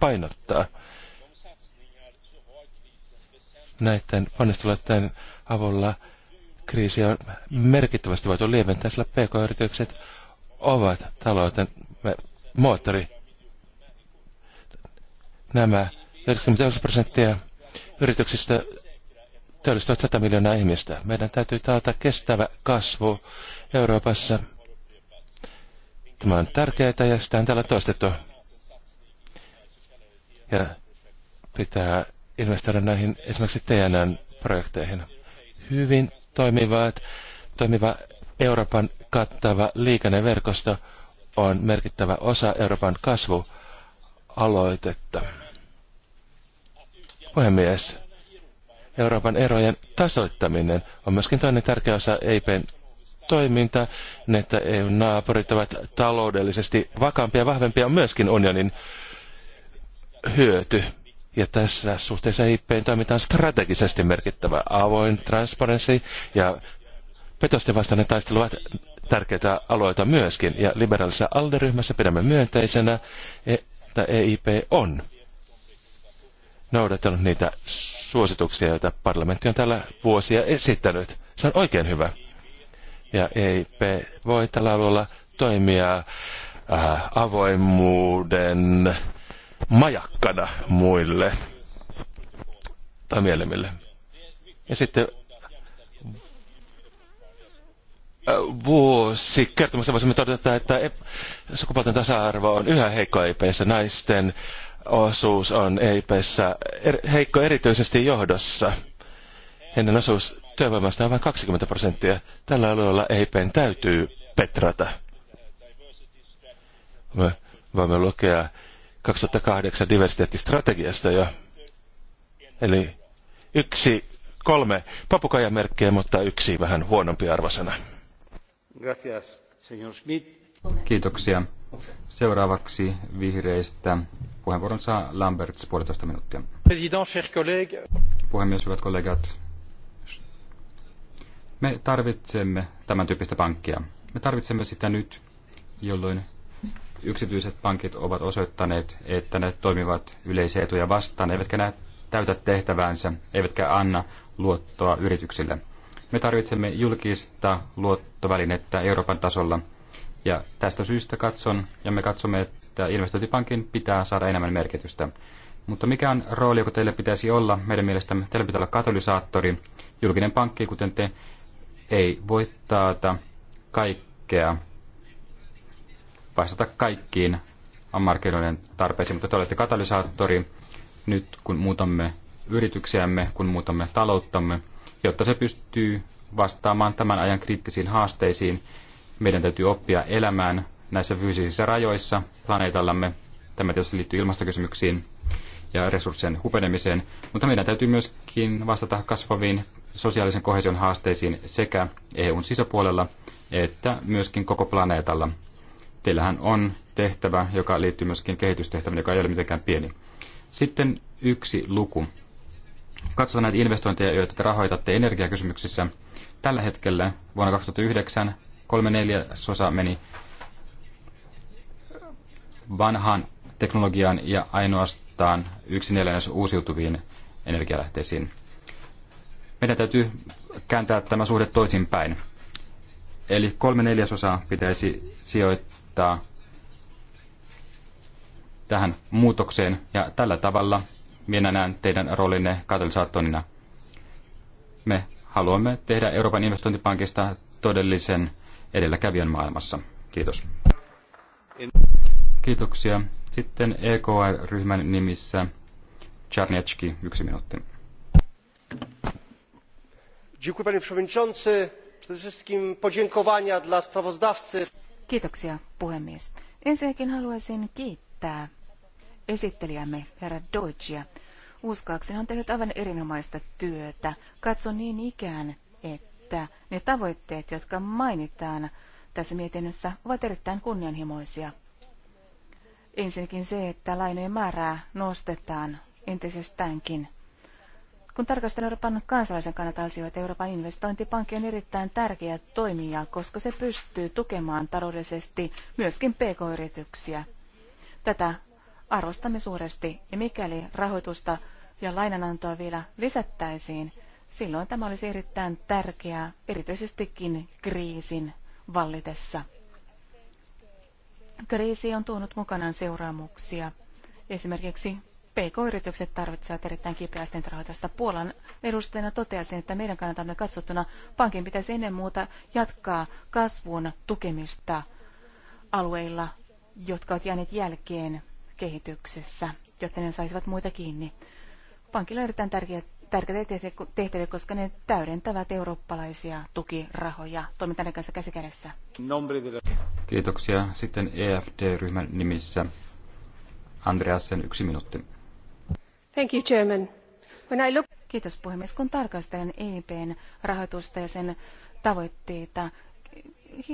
painottaa. Näiden ponnisteluiden avulla kriisiä on merkittävästi voitu lieventää, sillä pk-yritykset ovat talouden moottori. Nämä 99 prosenttia yrityksistä työllistävät 100 miljoonaa ihmistä. Meidän täytyy taata kestävä kasvu Euroopassa. Tämä on tärkeää ja sitä on täällä toistettu. Ja pitää investoida näihin esimerkiksi TNN-projekteihin hyvin toimivat, toimiva Euroopan kattava liikenneverkosto on merkittävä osa Euroopan kasvualoitetta. Puhemies, Euroopan erojen tasoittaminen on myöskin toinen tärkeä osa EIPn ne, niin että EU-naapurit ovat taloudellisesti vakaampia ja vahvempia on myöskin unionin hyöty. Ja tässä suhteessa IPn e toiminta on strategisesti merkittävä. Avoin transparenssi ja petosten vastainen taistelu ovat tärkeitä aloita myöskin. Ja liberaalisessa alderyhmässä pidämme myönteisenä, että EIP on noudattanut niitä suosituksia, joita parlamentti on tällä vuosia esittänyt. Se on oikein hyvä. Ja EIP voi tällä alueella toimia äh, avoimuuden majakkana muille tai mielemmille. Ja sitten äh, vuosi kertomassa voisimme todeta, että sukupuolten tasa-arvo on yhä heikko EIPissä. Naisten osuus on EIPissä er- heikko erityisesti johdossa. Heidän osuus työvoimasta on vain 20 prosenttia. Tällä alueella eipen täytyy petrata. Me voimme lukea 2008 diversiteettistrategiasta jo. Eli yksi, kolme papukaijamerkkiä, mutta yksi vähän huonompi arvosana. Kiitoksia. Seuraavaksi vihreistä puheenvuoron saa Lamberts puolitoista minuuttia. Puhemies, hyvät kollegat. Me tarvitsemme tämän tyyppistä pankkia. Me tarvitsemme sitä nyt, jolloin yksityiset pankit ovat osoittaneet, että ne toimivat yleisiä etuja vastaan, eivätkä ne täytä tehtäväänsä, eivätkä anna luottoa yrityksille. Me tarvitsemme julkista luottovälinettä Euroopan tasolla, ja tästä syystä katson, ja me katsomme, että investointipankin pitää saada enemmän merkitystä. Mutta mikä on rooli, joka teille pitäisi olla? Meidän mielestämme teillä pitää olla katalysaattori. Julkinen pankki, kuten te, ei voi taata kaikkea vastata kaikkiin markkinoiden tarpeisiin, mutta te olette katalysaattori nyt, kun muutamme yrityksiämme, kun muutamme talouttamme, jotta se pystyy vastaamaan tämän ajan kriittisiin haasteisiin. Meidän täytyy oppia elämään näissä fyysisissä rajoissa planeetallamme. Tämä tietysti liittyy ilmastokysymyksiin ja resurssien hupenemiseen, mutta meidän täytyy myöskin vastata kasvaviin sosiaalisen kohesion haasteisiin sekä EUn sisäpuolella että myöskin koko planeetalla teillähän on tehtävä, joka liittyy myöskin kehitystehtävään, joka ei ole mitenkään pieni. Sitten yksi luku. Katsotaan näitä investointeja, joita te rahoitatte energiakysymyksissä. Tällä hetkellä vuonna 2009 kolme neljäsosa meni vanhaan teknologiaan ja ainoastaan yksi neljännes uusiutuviin energialähteisiin. Meidän täytyy kääntää tämä suhde toisinpäin. Eli kolme neljäsosaa pitäisi sijoittaa vaikuttaa tähän muutokseen ja tällä tavalla minä näen teidän roolinne katalysaattorina. Me haluamme tehdä Euroopan investointipankista todellisen edelläkävijän maailmassa. Kiitos. Kiitoksia. Sitten EKR-ryhmän nimissä Czarniecki, yksi minuutti. Dziękuję panie przewodniczący. Przede wszystkim podziękowania dla sprawozdawcy. Kiitoksia, puhemies. Ensinnäkin haluaisin kiittää esittelijämme herra Deutschia. Uskoakseni on tehnyt aivan erinomaista työtä. Katson niin ikään, että ne tavoitteet, jotka mainitaan tässä mietinnössä, ovat erittäin kunnianhimoisia. Ensinnäkin se, että lainojen määrää nostetaan entisestäänkin – kun tarkastelen Euroopan kansalaisen kannalta asioita, Euroopan investointipankki on erittäin tärkeä toimija, koska se pystyy tukemaan taloudellisesti myöskin pk-yrityksiä. Tätä arvostamme suuresti, ja mikäli rahoitusta ja lainanantoa vielä lisättäisiin, silloin tämä olisi erittäin tärkeää, erityisestikin kriisin vallitessa. Kriisi on tuonut mukanaan seuraamuksia. Esimerkiksi PK-yritykset tarvitsevat erittäin kipeästi rahoitusta. Puolan edustajana toteaisin, että meidän kannaltamme katsottuna pankin pitäisi ennen muuta jatkaa kasvun tukemista alueilla, jotka ovat jääneet jälkeen kehityksessä, jotta ne saisivat muita kiinni. Pankilla on erittäin tärkeitä tehtäviä, koska ne täydentävät eurooppalaisia tukirahoja toimintanne kanssa käsikädessä. Kiitoksia. Sitten EFD-ryhmän nimissä Andreasen yksi minuutti. Thank Kiitos puhemies. Kun tarkastelen EIPn rahoitusta ja sen tavoitteita,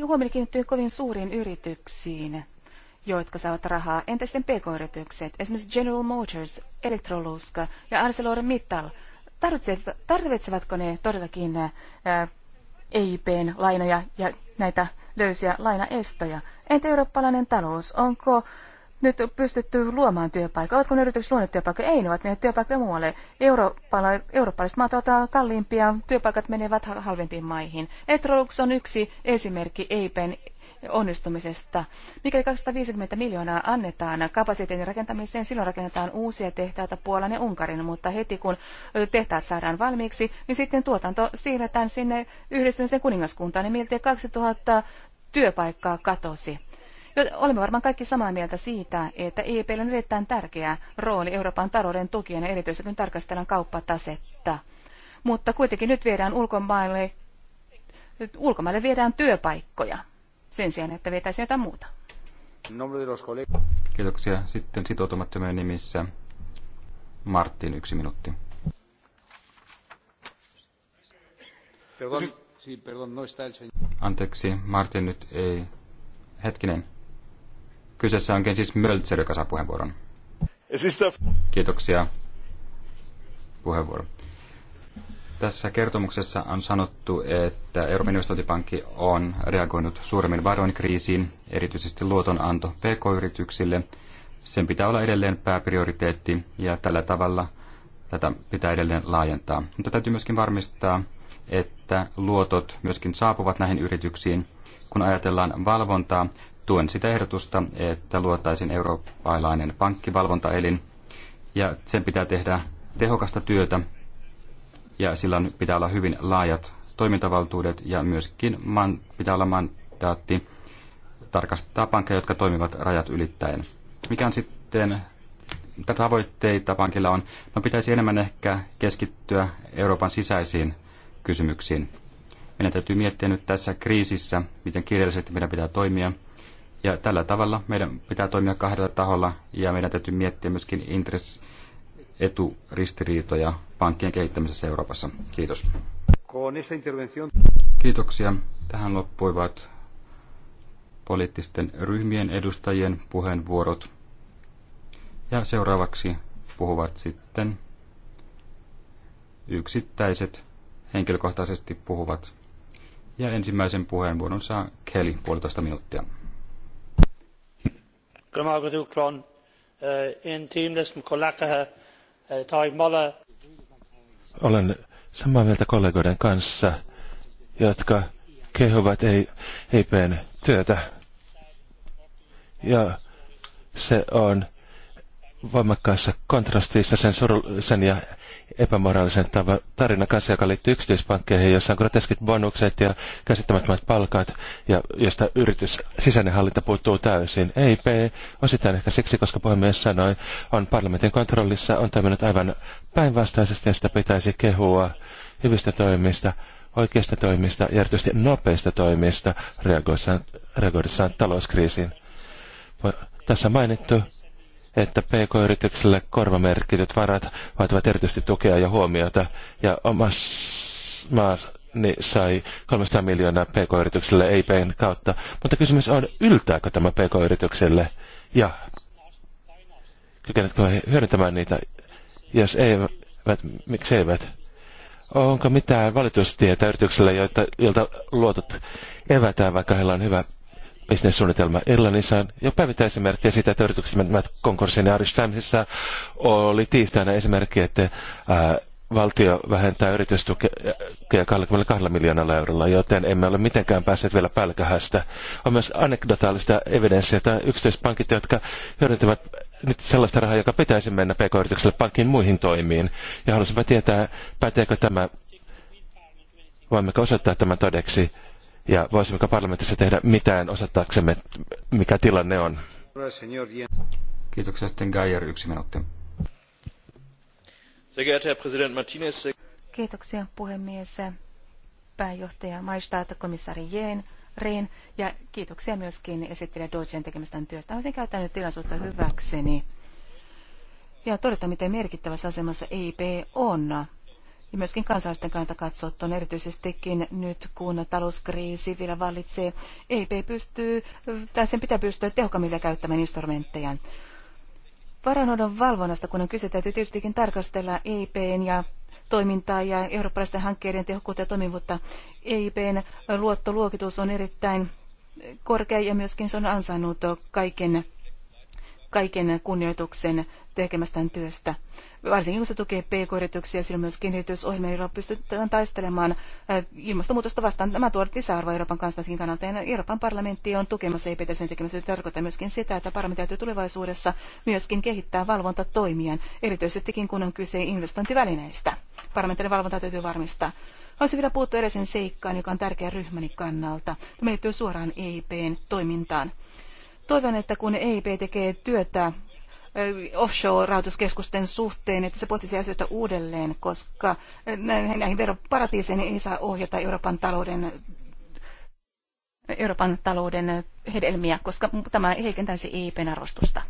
huomioon kiinnittyy kovin suuriin yrityksiin, jotka saavat rahaa. Entä sitten pk-yritykset? Esimerkiksi General Motors, Electrolux ja ArcelorMittal. Tarvitsevatko ne todellakin äh, EIPn lainoja ja näitä löysiä lainaestoja? Entä eurooppalainen talous? Onko nyt on pystytty luomaan työpaikkoja. Ovatko ne yritykset luoneet työpaikkoja? Ei, ne ovat menneet työpaikkoja muualle. Eurooppala, eurooppalaiset maat ovat kalliimpia, työpaikat menevät halvempiin maihin. Etrolux on yksi esimerkki EIPen onnistumisesta. Mikäli 250 miljoonaa annetaan kapasiteetin rakentamiseen, silloin rakennetaan uusia tehtaita Puolan ja Unkarin, mutta heti kun tehtaat saadaan valmiiksi, niin sitten tuotanto siirretään sinne yhdistymisen kuningaskuntaan, niin miltei 2000 työpaikkaa katosi. Olemme varmaan kaikki samaa mieltä siitä, että EP on erittäin tärkeä rooli Euroopan talouden tukien ja erityisesti kun tarkastellaan kauppatasetta. Mutta kuitenkin nyt viedään ulkomaille, ulkomaille viedään työpaikkoja sen sijaan, että vietäisiin jotain muuta. Kiitoksia. Sitten sitoutumattomien nimissä Martin, yksi minuutti. No Anteeksi, Martin nyt ei. Hetkinen. Kyseessä onkin siis Möltser, joka saa puheenvuoron. Kiitoksia puheenvuoro. Tässä kertomuksessa on sanottu, että Euroopan investointipankki on reagoinut suuremmin varoin kriisiin, erityisesti luotonanto pk-yrityksille. Sen pitää olla edelleen pääprioriteetti ja tällä tavalla tätä pitää edelleen laajentaa. Mutta täytyy myöskin varmistaa, että luotot myöskin saapuvat näihin yrityksiin. Kun ajatellaan valvontaa, tuen sitä ehdotusta, että luotaisiin eurooppalainen pankkivalvontaelin, ja sen pitää tehdä tehokasta työtä, ja sillä pitää olla hyvin laajat toimintavaltuudet, ja myöskin man, pitää olla mandaatti tarkastaa pankkeja, jotka toimivat rajat ylittäen. Mikä on sitten tavoitteita pankilla on? No pitäisi enemmän ehkä keskittyä Euroopan sisäisiin kysymyksiin. Meidän täytyy miettiä nyt tässä kriisissä, miten kirjallisesti meidän pitää toimia – ja tällä tavalla meidän pitää toimia kahdella taholla ja meidän täytyy miettiä myöskin intress eturistiriitoja pankkien kehittämisessä Euroopassa. Kiitos. Kiitoksia. Tähän loppuivat poliittisten ryhmien edustajien puheenvuorot. Ja seuraavaksi puhuvat sitten yksittäiset henkilökohtaisesti puhuvat. Ja ensimmäisen puheenvuoron saa Kelly puolitoista minuuttia. Olen samaa mieltä kollegoiden kanssa, jotka kehuvat EIPn työtä. Ja se on voimakkaassa kontrastissa sen, suru, sen ja epämoraalisen tarina kanssa, joka liittyy yksityispankkeihin, jossa on groteskit bonukset ja käsittämättömät palkat, ja josta yritys sisäinen hallinta puuttuu täysin. EIP osittain ehkä siksi, koska puhemies sanoi, on parlamentin kontrollissa, on toiminut aivan päinvastaisesti, ja sitä pitäisi kehua hyvistä toimista, oikeista toimista ja erityisesti nopeista toimista reagoidessaan talouskriisiin. Tässä mainittu että PK-yrityksille korvamerkityt varat vaativat erityisesti tukea ja huomiota, ja omassa maassa niin sai 300 miljoonaa PK-yritykselle EIPn kautta. Mutta kysymys on, yltääkö tämä PK-yritykselle ja kykenetkö he hyödyntämään niitä? Jos eivät, miksi eivät? Onko mitään valitustietä yritykselle, joilta luotot evätään, vaikka heillä on hyvä bisnessuunnitelma Irlannissa ja päivittäismerkkejä siitä, että yritykset menevät konkurssiin. Irish Timesissa oli tiistaina esimerkki, että ää, valtio vähentää yritystukea 22 miljoonalla eurolla, joten emme ole mitenkään päässeet vielä pälkähästä. On myös anekdotaalista evidenssiä, että yksityispankit, jotka hyödyntävät nyt sellaista rahaa, joka pitäisi mennä pk-yritykselle pankin muihin toimiin. Ja haluaisimme tietää, päteekö tämä, voimmeko osoittaa tämän todeksi ja voisimmeko parlamentissa tehdä mitään osoittaaksemme, mikä tilanne on. Kiitoksia sitten Geier, yksi minuutti. Kiitoksia puhemies, pääjohtaja Maistaat, komissaari Jeen, Rehn ja kiitoksia myöskin esittelijä Deutschen tekemästä työstä. Olisin käyttänyt tilaisuutta hyväkseni ja todeta, miten merkittävässä asemassa EIP on ja myöskin kansalaisten kannalta katsottuna erityisestikin nyt, kun talouskriisi vielä vallitsee, EIP pystyy, tai sen pitää pystyä tehokkaammin käyttämään instrumenttejaan. Varanhoidon valvonnasta, kun on kyse, täytyy tietystikin tarkastella EIPn ja toimintaa ja eurooppalaisten hankkeiden tehokkuutta ja toimivuutta. EIPn luottoluokitus on erittäin korkea ja myöskin se on ansainnut kaiken, kaiken kunnioituksen tekemästään työstä varsinkin kun se tukee pk-yrityksiä, sillä myös kehitysohjelmia, joilla pystytään taistelemaan äh, ilmastonmuutosta vastaan. Tämä tuo lisäarvoa Euroopan kansalaisenkin kannalta. Ja Euroopan parlamentti on tukemassa EPTSn tekemistä. Tarkoittaa myöskin sitä, että parlamentti täytyy tulevaisuudessa myöskin kehittää valvontatoimien, erityisestikin kun on kyse investointivälineistä. Parlamentin valvonta täytyy varmistaa. Haluaisin vielä puuttua edelliseen seikkaan, joka on tärkeä ryhmäni kannalta. Tämä liittyy suoraan EIPn toimintaan. Toivon, että kun EIP tekee työtä offshore-rahoituskeskusten suhteen, että se pohtisi asioita uudelleen, koska näihin veroparatiiseihin ei saa ohjata Euroopan talouden Euroopan talouden hedelmiä, koska tämä heikentäisi EIPn arvostusta.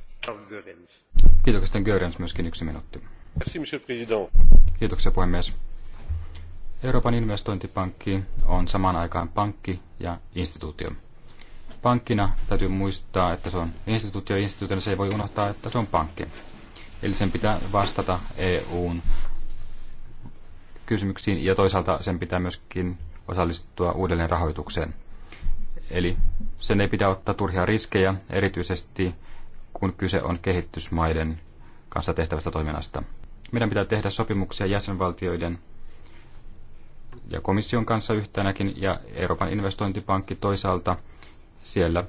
Kiitoksia, Görens, myöskin yksi minuutti. Kiitoksia, puhemies. Euroopan investointipankki on samaan aikaan pankki ja instituutio pankkina täytyy muistaa, että se on instituutio, ja instituutio se ei voi unohtaa, että se on pankki. Eli sen pitää vastata EUn kysymyksiin ja toisaalta sen pitää myöskin osallistua uudelleen rahoitukseen. Eli sen ei pidä ottaa turhia riskejä, erityisesti kun kyse on kehitysmaiden kanssa tehtävästä toiminnasta. Meidän pitää tehdä sopimuksia jäsenvaltioiden ja komission kanssa yhtenäkin ja Euroopan investointipankki toisaalta siellä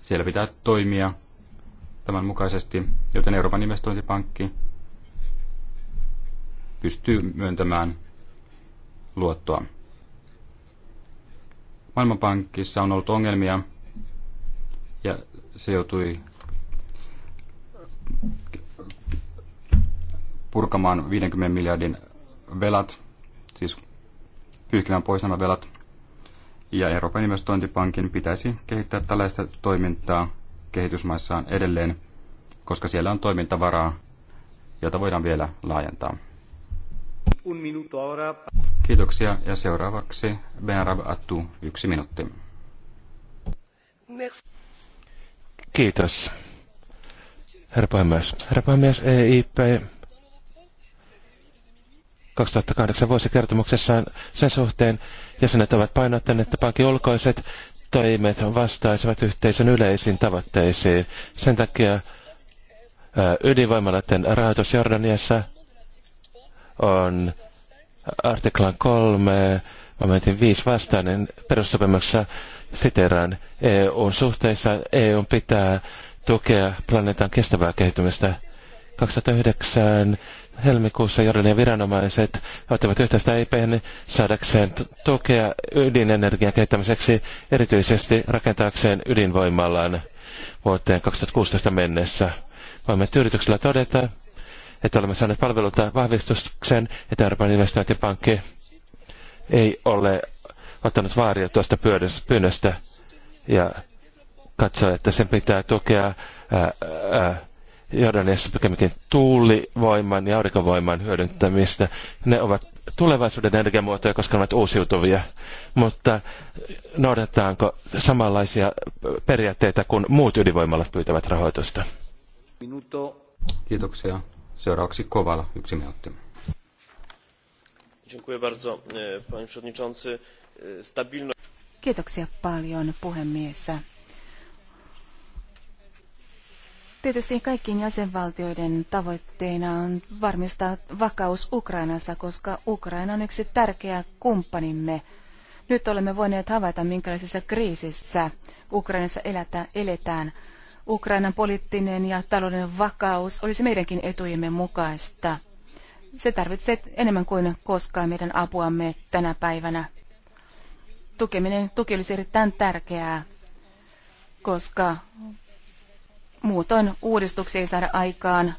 siellä pitää toimia tämän mukaisesti, joten Euroopan investointipankki pystyy myöntämään luottoa. Maailmanpankissa on ollut ongelmia ja se joutui purkamaan 50 miljardin velat, siis pyyhkimään pois nämä velat. Ja Euroopan investointipankin pitäisi kehittää tällaista toimintaa kehitysmaissaan edelleen, koska siellä on toimintavaraa, jota voidaan vielä laajentaa. Kiitoksia ja seuraavaksi Benarab Attu, yksi minuutti. Kiitos. Herra puhemies. Herra puhemies, EIP 2008 vuosikertomuksessaan sen suhteen jäsenet ovat painottaneet, että pankin ulkoiset toimet vastaisivat yhteisön yleisiin tavoitteisiin. Sen takia ydinvoimaloiden rahoitus Jordaniassa on artiklan 3 momentin 5 vastainen perussopimuksessa siteraan EUn suhteessa EUn pitää tukea planeetan kestävää kehitymistä 2009 helmikuussa Jordanian viranomaiset ottivat yhteistä IPn e saadakseen tukea ydinenergian kehittämiseksi erityisesti rakentaakseen ydinvoimallaan vuoteen 2016 mennessä. Voimme tyydytyksellä todeta, että olemme saaneet palvelulta vahvistuksen, että Euroopan investointipankki ei ole ottanut vaaria tuosta pyynnöstä ja katsoo, että sen pitää tukea ää, ää, Jordaniassa pikemminkin tuulivoiman ja aurinkovoiman hyödyntämistä. Ne ovat tulevaisuuden energiamuotoja, koska ne ovat uusiutuvia. Mutta noudatetaanko samanlaisia periaatteita kuin muut ydinvoimalat pyytävät rahoitusta? Minuto. Kiitoksia. Seuraavaksi Kovala, yksi minuutti. E, e, Kiitoksia paljon puhemies Tietysti kaikkien jäsenvaltioiden tavoitteena on varmistaa vakaus Ukrainassa, koska Ukraina on yksi tärkeä kumppanimme. Nyt olemme voineet havaita, minkälaisessa kriisissä Ukrainassa elätä, eletään. Ukrainan poliittinen ja taloudellinen vakaus olisi meidänkin etujemme mukaista. Se tarvitsee enemmän kuin koskaan meidän apuamme tänä päivänä. Tukeminen, tuki olisi erittäin tärkeää, koska Muutoin uudistuksia ei saada aikaan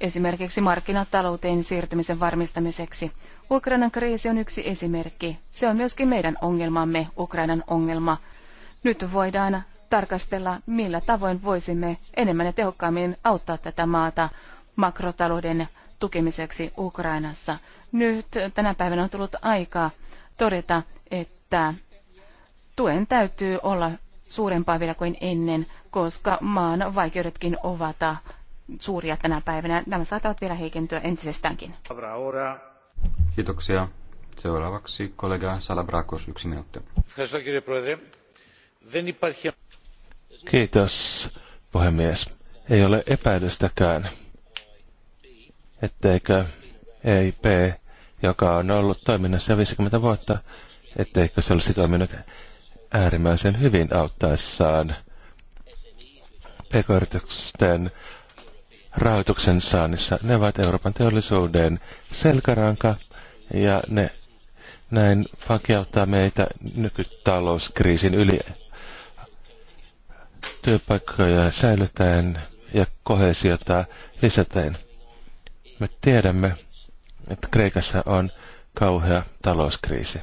esimerkiksi markkinatalouteen siirtymisen varmistamiseksi. Ukrainan kriisi on yksi esimerkki. Se on myöskin meidän ongelmamme, Ukrainan ongelma. Nyt voidaan tarkastella, millä tavoin voisimme enemmän ja tehokkaammin auttaa tätä maata makrotalouden tukemiseksi Ukrainassa. Nyt tänä päivänä on tullut aika todeta, että tuen täytyy olla suurempaa vielä kuin ennen koska maan vaikeudetkin ovat äh, suuria tänä päivänä. Nämä saattavat vielä heikentyä entisestäänkin. Kiitoksia. Seuraavaksi kollega Salabrakos, yksi minuutti. Kiitos, puhemies. Ei ole epäilystäkään, etteikö EIP, joka on ollut toiminnassa 50 vuotta, etteikö se olisi toiminut äärimmäisen hyvin auttaessaan – pk-yritysten rahoituksen saannissa. Ne ovat Euroopan teollisuuden selkäranka ja ne näin vakeuttaa meitä nykytalouskriisin yli työpaikkoja säilytäen ja kohesiota lisätään. Me tiedämme, että Kreikassa on kauhea talouskriisi.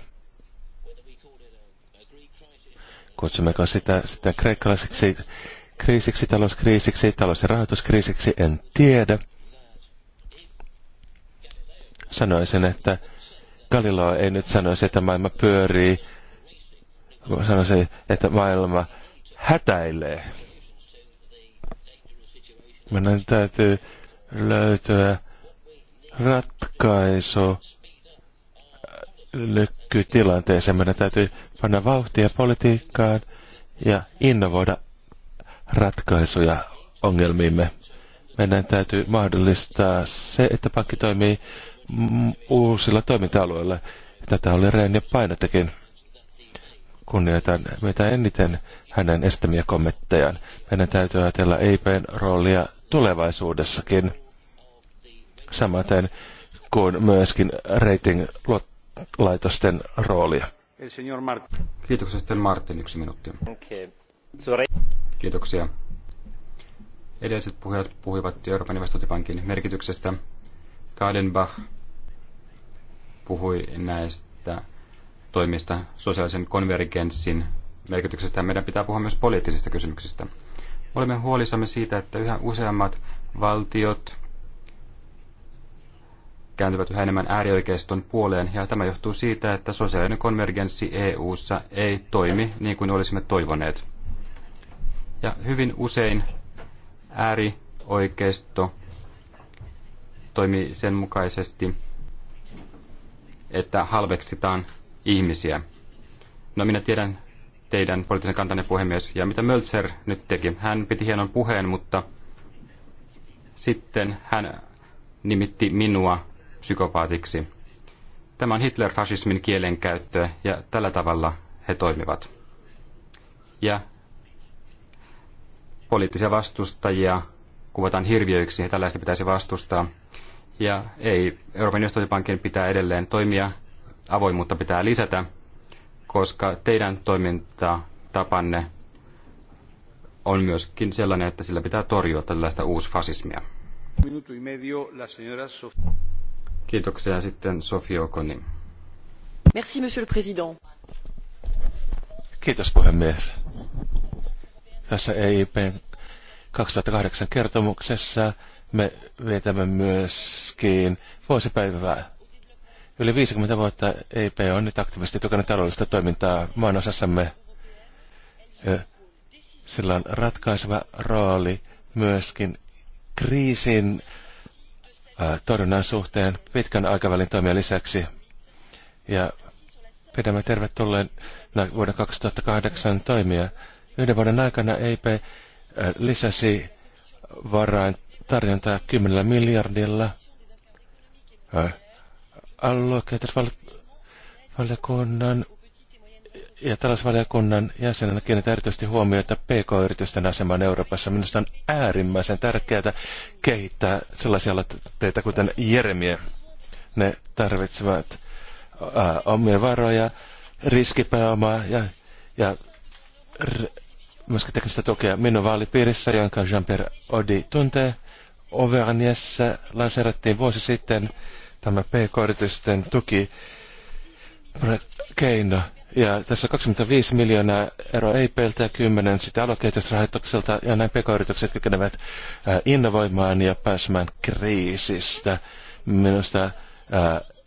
Kutsummeko sitä, sitä kreikkalaiseksi kriisiksi, talouskriisiksi, talous- ja rahoituskriisiksi, en tiedä. Sanoisin, että Galileo ei nyt sanoisi, että maailma pyörii, sanoisin, että maailma hätäilee. Meidän täytyy löytyä ratkaisu lykkytilanteeseen. Meidän täytyy panna vauhtia politiikkaan ja innovoida ratkaisuja ongelmiimme. Meidän täytyy mahdollistaa se, että pankki toimii mm, uusilla toiminta-alueilla. Tätä oli Rehn ja Painotekin. Kunnioitan mitä eniten hänen estämiä kommenttejaan. Meidän täytyy ajatella EIPn roolia tulevaisuudessakin. Samaten kuin myöskin rating-laitosten roolia. Kiitoksia sitten Martin, yksi minuutti. Okay. Kiitoksia. Edelliset puhujat puhuivat Euroopan investointipankin merkityksestä. Kadenbach puhui näistä toimista sosiaalisen konvergenssin merkityksestä ja meidän pitää puhua myös poliittisista kysymyksistä. Olemme huolissamme siitä, että yhä useammat valtiot kääntyvät yhä enemmän äärioikeiston puoleen ja tämä johtuu siitä, että sosiaalinen konvergenssi EU:ssa ei toimi niin kuin olisimme toivoneet. Ja hyvin usein äärioikeisto toimii sen mukaisesti, että halveksitaan ihmisiä. No minä tiedän teidän poliittisen kantanne puhemies ja mitä Möltser nyt teki. Hän piti hienon puheen, mutta sitten hän nimitti minua psykopaatiksi. Tämä on Hitler-fasismin kielenkäyttö ja tällä tavalla he toimivat. Ja poliittisia vastustajia kuvataan hirviöiksi ja tällaista pitäisi vastustaa. Ja ei, Euroopan investointipankin pitää edelleen toimia, avoimuutta pitää lisätä, koska teidän toimintatapanne on myöskin sellainen, että sillä pitää torjua tällaista uusfasismia. Kiitoksia sitten Sofia Okoni. Merci, monsieur le président. Kiitos puhemies. Tässä EIP 2008 kertomuksessa me vietämme myöskin vuosipäivää. Yli 50 vuotta EIP on nyt aktiivisesti tukenut taloudellista toimintaa maan osassamme. Sillä on ratkaiseva rooli myöskin kriisin torjunnan suhteen pitkän aikavälin toimia lisäksi. Ja pidämme tervetulleen vuoden 2008 toimia Yhden vuoden aikana EIP äh, lisäsi varain tarjontaa 10 miljardilla. Äh, valiokunnan ja talousvaliokunnan jäsenenä kiinnitän erityisesti huomiota PK-yritysten asemaan Euroopassa. Minusta on äärimmäisen tärkeää kehittää sellaisia aloitteita, kuten Jeremie. Ne tarvitsevat ää, äh, omia varoja, riskipääomaa ja, ja myöskin teknistä tukea minun vaalipiirissä, jonka Jean-Pierre Odi tuntee. Auvergnessa lanseerattiin vuosi sitten tämä PK-yritysten tuki keino. Ja tässä 25 miljoonaa euroa EIPltä ja 10 sitä aluekehitysrahoitukselta ja näin pk-yritykset kykenevät äh, innovoimaan ja pääsemään kriisistä. Minusta äh,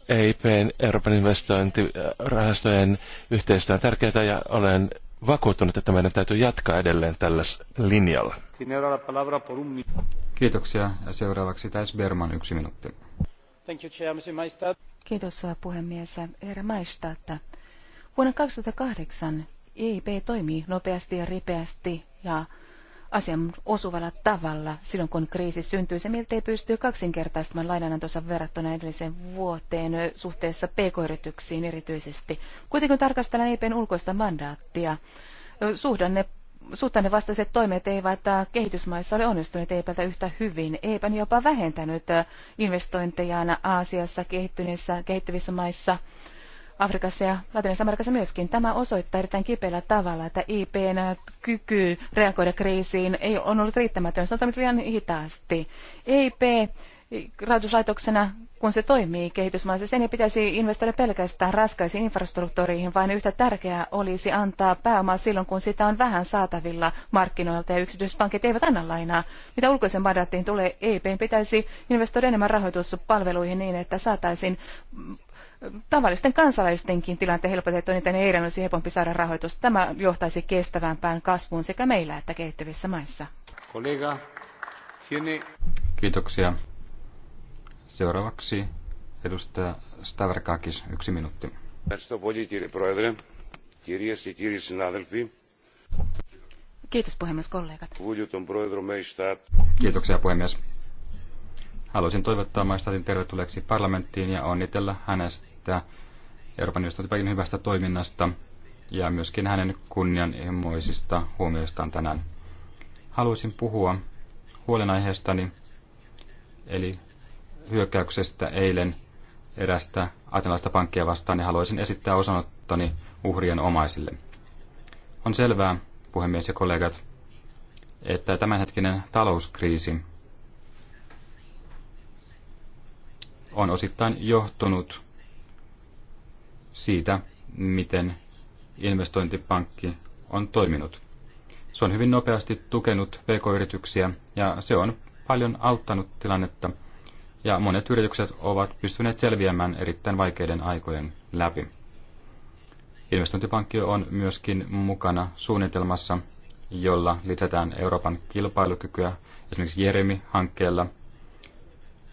EIPn Euroopan investointirahastojen äh, yhteistyö on tärkeää ja olen vakuuttunut, että meidän täytyy jatkaa edelleen tällä linjalla. Kiitoksia. Ja seuraavaksi Täis Berman yksi minuutti. Kiitos puhemies. Herra Maistat. Vuonna 2008 EIP toimii nopeasti ja ripeästi ja asian osuvalla tavalla silloin, kun kriisi syntyy. Se miltei pystyy kaksinkertaistamaan lainanantonsa verrattuna edelliseen vuoteen suhteessa pk-yrityksiin erityisesti. Kuitenkin tarkastellaan EPn ulkoista mandaattia. Suhdanne suhtanne vastaiset toimet eivät kehitysmaissa ole onnistuneet eipältä yhtä hyvin. Eipä jopa vähentänyt investointejaan Aasiassa kehittyneissä, kehittyvissä maissa Afrikassa ja Latinalaisessa Amerikassa myöskin. Tämä osoittaa erittäin kipeällä tavalla, että IPn kyky reagoida kriisiin ei on ollut riittämätön. Se on toiminut liian hitaasti. IP rahoituslaitoksena, kun se toimii kehitysmaissa, sen ei pitäisi investoida pelkästään raskaisiin infrastruktuuriin, vaan yhtä tärkeää olisi antaa pääomaa silloin, kun sitä on vähän saatavilla markkinoilta ja yksityispankit eivät anna lainaa. Mitä ulkoisen mandaattiin tulee, EIP pitäisi investoida enemmän rahoituspalveluihin niin, että saataisiin tavallisten kansalaistenkin tilanteen helpotettu, niin tänne heidän olisi helpompi saada rahoitusta. Tämä johtaisi kestävämpään kasvuun sekä meillä että kehittyvissä maissa. Kollega, sinne. Kiitoksia. Seuraavaksi edustaja Stavrakakis, yksi minuutti. Kiitos puhemies kollegat. Kiitoksia puhemies. Haluaisin toivottaa maistatin tervetulleeksi parlamenttiin ja onnitella hänestä kiittää Euroopan investointipankin hyvästä toiminnasta ja myöskin hänen kunnianhimoisista huomioistaan tänään. Haluaisin puhua huolenaiheestani, eli hyökkäyksestä eilen erästä atenlaista pankkia vastaan, niin haluaisin esittää osanottoni uhrien omaisille. On selvää, puhemies ja kollegat, että tämänhetkinen talouskriisi on osittain johtunut siitä, miten investointipankki on toiminut. Se on hyvin nopeasti tukenut pk-yrityksiä ja se on paljon auttanut tilannetta ja monet yritykset ovat pystyneet selviämään erittäin vaikeiden aikojen läpi. Investointipankki on myöskin mukana suunnitelmassa, jolla lisätään Euroopan kilpailukykyä esimerkiksi Jeremi-hankkeella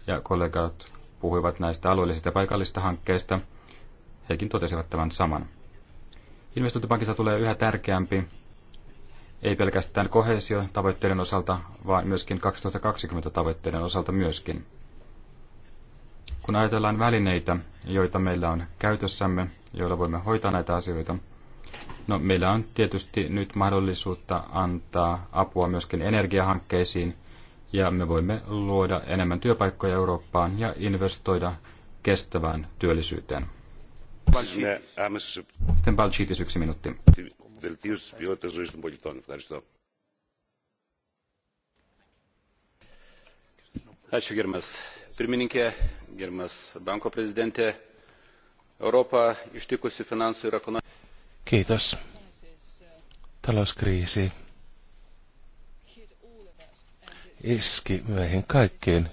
ja kollegat puhuivat näistä alueellisista ja paikallista hankkeista – hekin totesivat tämän saman. Investointipankista tulee yhä tärkeämpi, ei pelkästään kohesio-tavoitteiden osalta, vaan myöskin 2020 tavoitteiden osalta myöskin. Kun ajatellaan välineitä, joita meillä on käytössämme, joilla voimme hoitaa näitä asioita, no meillä on tietysti nyt mahdollisuutta antaa apua myöskin energiahankkeisiin, ja me voimme luoda enemmän työpaikkoja Eurooppaan ja investoida kestävään työllisyyteen. Sitten Balchitis yksi minuutti. Δελτίωση τη ποιότητα ζωή των πολιτών. Ευχαριστώ. Ačiū gerbiamas pirmininkė, gerbiamas banko prezidentė. Europą ištikusi finansų ir ekonomikų. Kiitos. Talouskriisi iski meihin kaikkiin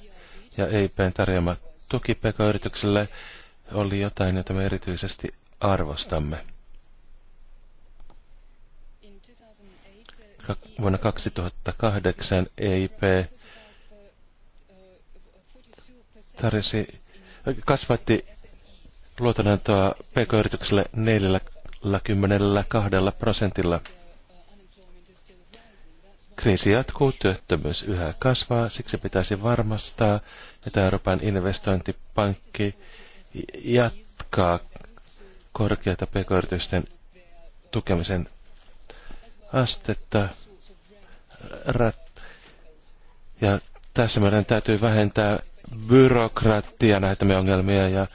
ja EIPn tarjoama tuki pk-yritykselle oli jotain, jota me erityisesti arvostamme. Vuonna 2008 EIP tarjosi, kasvatti luotonantoa pk-yritykselle 42 prosentilla. Kriisi jatkuu, työttömyys yhä kasvaa, siksi pitäisi varmistaa, että Euroopan investointipankki jatkaa korkeata pk tukemisen astetta. Rat- ja tässä meidän täytyy vähentää byrokratia lähettämiä ongelmia ja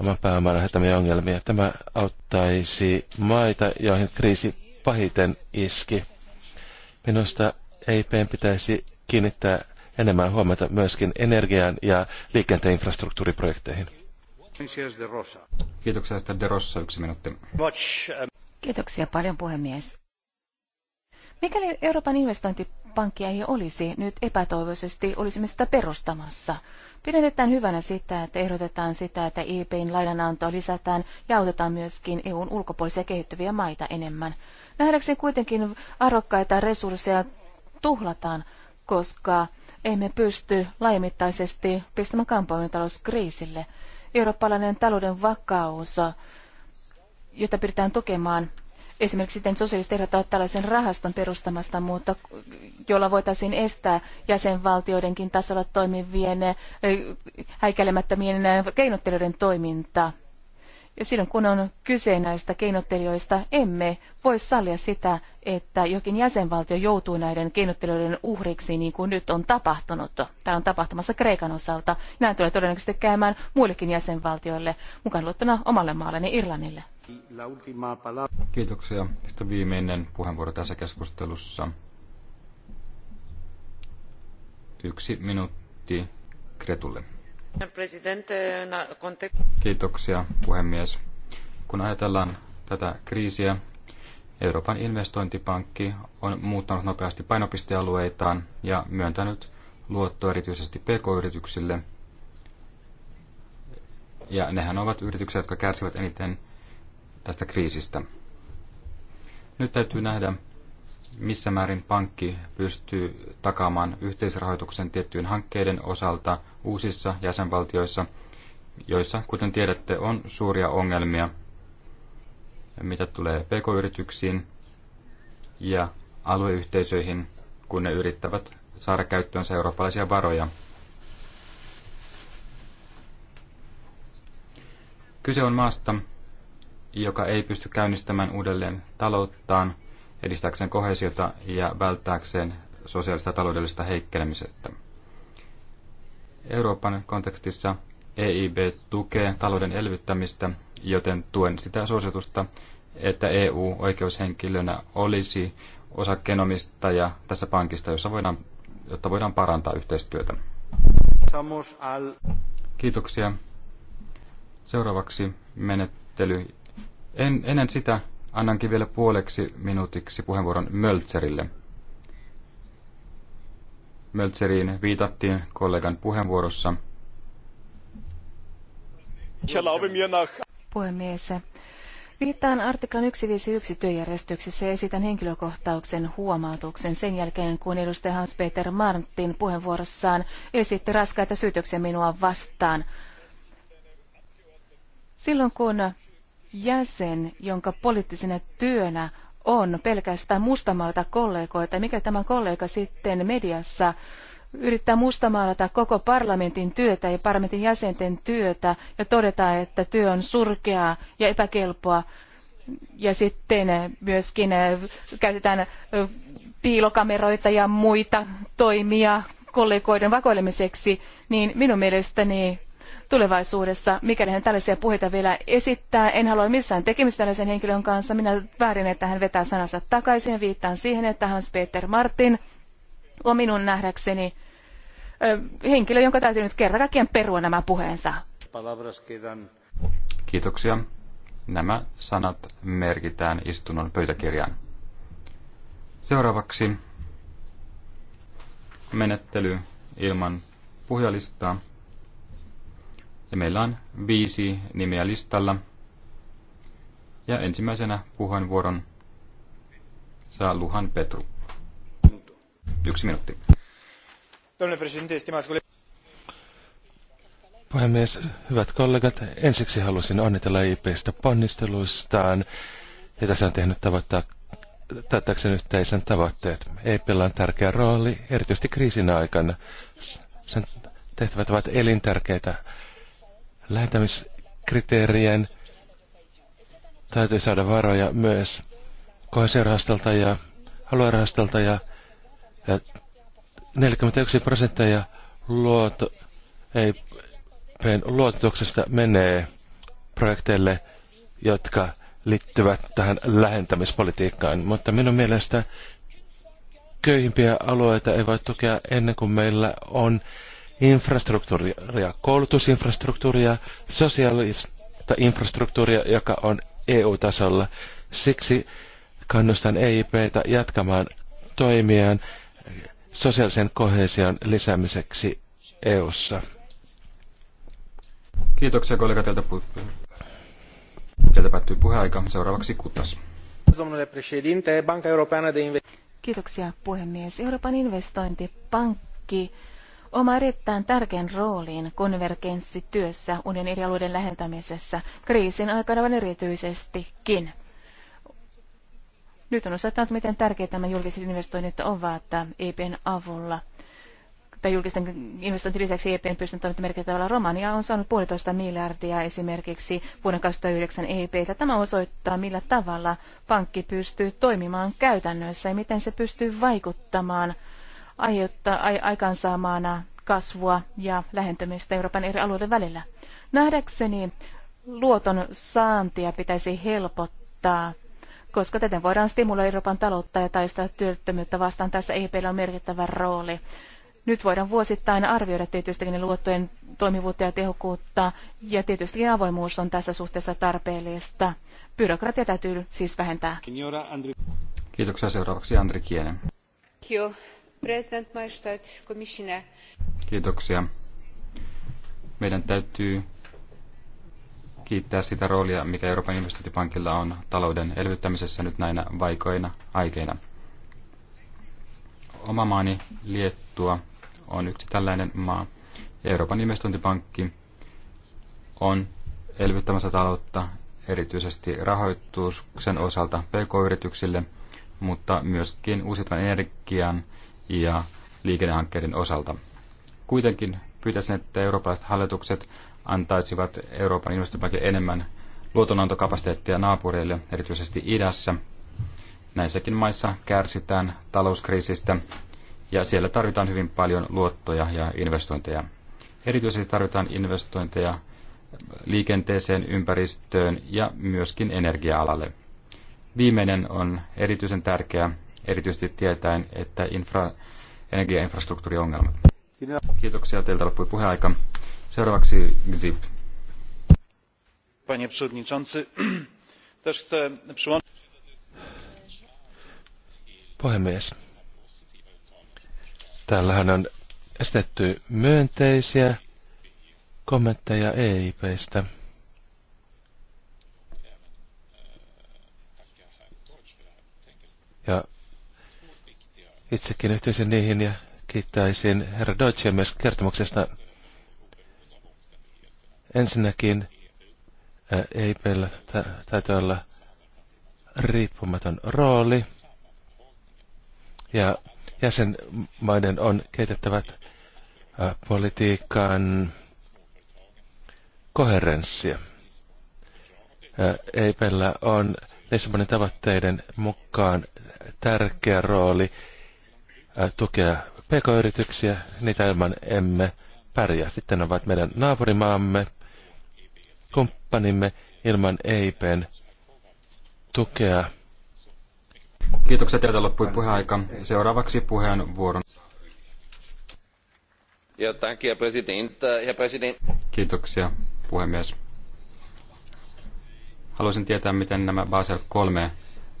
oman pääomaan lähettämiä ongelmia. Tämä auttaisi maita, joihin kriisi pahiten iski. Minusta EIP pitäisi kiinnittää enemmän huomiota myöskin energian ja liikenteen infrastruktuuriprojekteihin. Kiitoksia De Rossa, yksi minuutti. Um, Kiitoksia paljon puhemies. Mikäli Euroopan investointipankkia ei olisi, nyt epätoivoisesti olisimme sitä perustamassa. Pidetään hyvänä sitä, että ehdotetaan sitä, että EIPin lainanantoa lisätään ja autetaan myöskin EUn ulkopuolisia kehittyviä maita enemmän. Nähdäkseni kuitenkin arvokkaita resursseja tuhlataan, koska emme pysty laajamittaisesti pistämään kampanjatalouskriisille. kriisille eurooppalainen talouden vakaus, jota pyritään tukemaan. Esimerkiksi sitten sosiaaliset ovat tällaisen rahaston perustamasta, mutta jolla voitaisiin estää jäsenvaltioidenkin tasolla toimivien häikäilemättömien keinottelijoiden toiminta ja silloin kun on kyse näistä keinottelijoista, emme voi sallia sitä, että jokin jäsenvaltio joutuu näiden keinottelijoiden uhriksi, niin kuin nyt on tapahtunut. Tämä on tapahtumassa Kreikan osalta. Näin tulee todennäköisesti käymään muillekin jäsenvaltioille, mukaan luottuna omalle maalleni Irlannille. Kiitoksia. Sitten viimeinen puheenvuoro tässä keskustelussa. Yksi minuutti Kretulle. Kiitoksia puhemies. Kun ajatellaan tätä kriisiä, Euroopan investointipankki on muuttanut nopeasti painopistealueitaan ja myöntänyt luottoa erityisesti pk-yrityksille. Ja nehän ovat yrityksiä, jotka kärsivät eniten tästä kriisistä. Nyt täytyy nähdä, missä määrin pankki pystyy takaamaan yhteisrahoituksen tiettyjen hankkeiden osalta uusissa jäsenvaltioissa, joissa, kuten tiedätte, on suuria ongelmia, mitä tulee pk-yrityksiin ja alueyhteisöihin, kun ne yrittävät saada käyttöönsä eurooppalaisia varoja. Kyse on maasta, joka ei pysty käynnistämään uudelleen talouttaan edistääkseen kohesiota ja välttääkseen sosiaalista ja taloudellista heikkenemisestä. Euroopan kontekstissa EIB tukee talouden elvyttämistä, joten tuen sitä suositusta, että EU oikeushenkilönä olisi osakkeenomistaja tässä pankista, jossa voidaan, jotta voidaan parantaa yhteistyötä. Kiitoksia. Seuraavaksi menettely. En, ennen sitä Annankin vielä puoleksi minuutiksi puheenvuoron Möltserille. Möltseriin viitattiin kollegan puheenvuorossa. Puhemies, Viittaan artiklan 151 työjärjestyksessä ja esitän henkilökohtauksen huomautuksen sen jälkeen, kun edustaja Hans-Peter Martin puheenvuorossaan esitti raskaita syytöksiä minua vastaan. Silloin kun jäsen, jonka poliittisena työnä on pelkästään mustamaalata kollegoita, mikä tämä kollega sitten mediassa yrittää mustamaalata koko parlamentin työtä ja parlamentin jäsenten työtä ja todeta, että työ on surkeaa ja epäkelpoa. Ja sitten myöskin eh, käytetään eh, piilokameroita ja muita toimia kollegoiden vakoilemiseksi, niin minun mielestäni tulevaisuudessa, mikäli hän tällaisia puheita vielä esittää. En halua missään tekemistä tällaisen henkilön kanssa. Minä väärin, että hän vetää sanansa takaisin ja viittaan siihen, että Hans-Peter Martin on minun nähdäkseni henkilö, jonka täytyy nyt kerta kaikkiaan perua nämä puheensa. Kiitoksia. Nämä sanat merkitään istunnon pöytäkirjaan. Seuraavaksi menettely ilman puhujalistaa. Ja meillä on viisi nimeä listalla. Ja ensimmäisenä puheenvuoron saa Luhan Petru. Yksi minuutti. Puhemies, hyvät kollegat, ensiksi halusin onnitella IPstä ponnisteluistaan, jota se on tehnyt tavoittaa täyttääkseen yhteisen tavoitteet. EIPillä on tärkeä rooli, erityisesti kriisin aikana. Sen tehtävät ovat elintärkeitä lähetämiskriteerien täytyy saada varoja myös kohesiorahastolta ja aluerahastolta ja, ja 41 prosenttia luoto, ei, luotetuksesta menee projekteille, jotka liittyvät tähän lähentämispolitiikkaan. Mutta minun mielestä köyhimpiä alueita ei voi tukea ennen kuin meillä on infrastruktuuria, koulutusinfrastruktuuria, sosiaalista infrastruktuuria, joka on EU-tasolla. Siksi kannustan EIPtä jatkamaan toimiaan sosiaalisen kohesion lisäämiseksi EU:ssa. Kiitoksia kollega teiltä puhuttuna. Teiltä päättyy puheaika. Seuraavaksi Kutas. Kiitoksia puhemies. Euroopan investointipankki oma erittäin tärkeän roolin konvergenssityössä unionin eri alueiden lähentämisessä kriisin aikana vaan erityisestikin. Nyt on osoittanut, miten tärkeitä nämä julkiset investoinnit ovat EPn e avulla. Tai julkisten investointien lisäksi EPn pystynyt toimimaan merkittävällä. Romania on saanut puolitoista miljardia esimerkiksi vuonna 2009 EPtä. Tämä osoittaa, millä tavalla pankki pystyy toimimaan käytännössä ja miten se pystyy vaikuttamaan aiheuttaa aikaansaamaana kasvua ja lähentymistä Euroopan eri alueiden välillä. Nähdäkseni luoton saantia pitäisi helpottaa, koska täten voidaan stimuloida Euroopan taloutta ja taistella työttömyyttä vastaan. Tässä ei on merkittävä rooli. Nyt voidaan vuosittain arvioida tietystikin luottojen toimivuutta ja tehokkuutta, ja tietystikin avoimuus on tässä suhteessa tarpeellista. Byrokratia täytyy siis vähentää. Kiitoksia seuraavaksi Andri Kienen. Kiitos President Maistad, komissioner. Kiitoksia. Meidän täytyy kiittää sitä roolia, mikä Euroopan investointipankilla on talouden elvyttämisessä nyt näinä vaikeina aikeina. Oma maani Liettua on yksi tällainen maa. Euroopan investointipankki on elvyttämässä taloutta erityisesti rahoituksen osalta pk-yrityksille, mutta myöskin uusiutuvan energian ja liikennehankkeiden osalta. Kuitenkin pyytäisin, että eurooppalaiset hallitukset antaisivat Euroopan investointipankin enemmän luotonantokapasiteettia naapureille, erityisesti idässä. Näissäkin maissa kärsitään talouskriisistä ja siellä tarvitaan hyvin paljon luottoja ja investointeja. Erityisesti tarvitaan investointeja liikenteeseen, ympäristöön ja myöskin energia-alalle. Viimeinen on erityisen tärkeä erityisesti tietäen, että infra, energiainfrastruktuuriongelmat. Kiitoksia, teiltä loppui puheaika. Seuraavaksi Gzip. Panie przewodniczący, też chcę przyłączyć Puhemies. Täällähän on esitetty myönteisiä kommentteja EIPstä. Ja itsekin yhtyisin niihin ja kiittäisin herra Deutschia myös kertomuksesta. Ensinnäkin eh, ei meillä täytyy olla riippumaton rooli ja jäsenmaiden on kehitettävät eh, politiikan koherenssia. Eh, EIPellä on Lissabonin tavoitteiden mukaan tärkeä rooli tukea pk-yrityksiä, niitä ilman emme pärjää. Sitten ovat meidän naapurimaamme, kumppanimme ilman EIPn tukea. Kiitoksia teiltä loppui puheaika. Seuraavaksi puheenvuoron. Ja, danke, uh, Herr Präsident. Herr Kiitoksia, puhemies. Haluaisin tietää, miten nämä Basel 3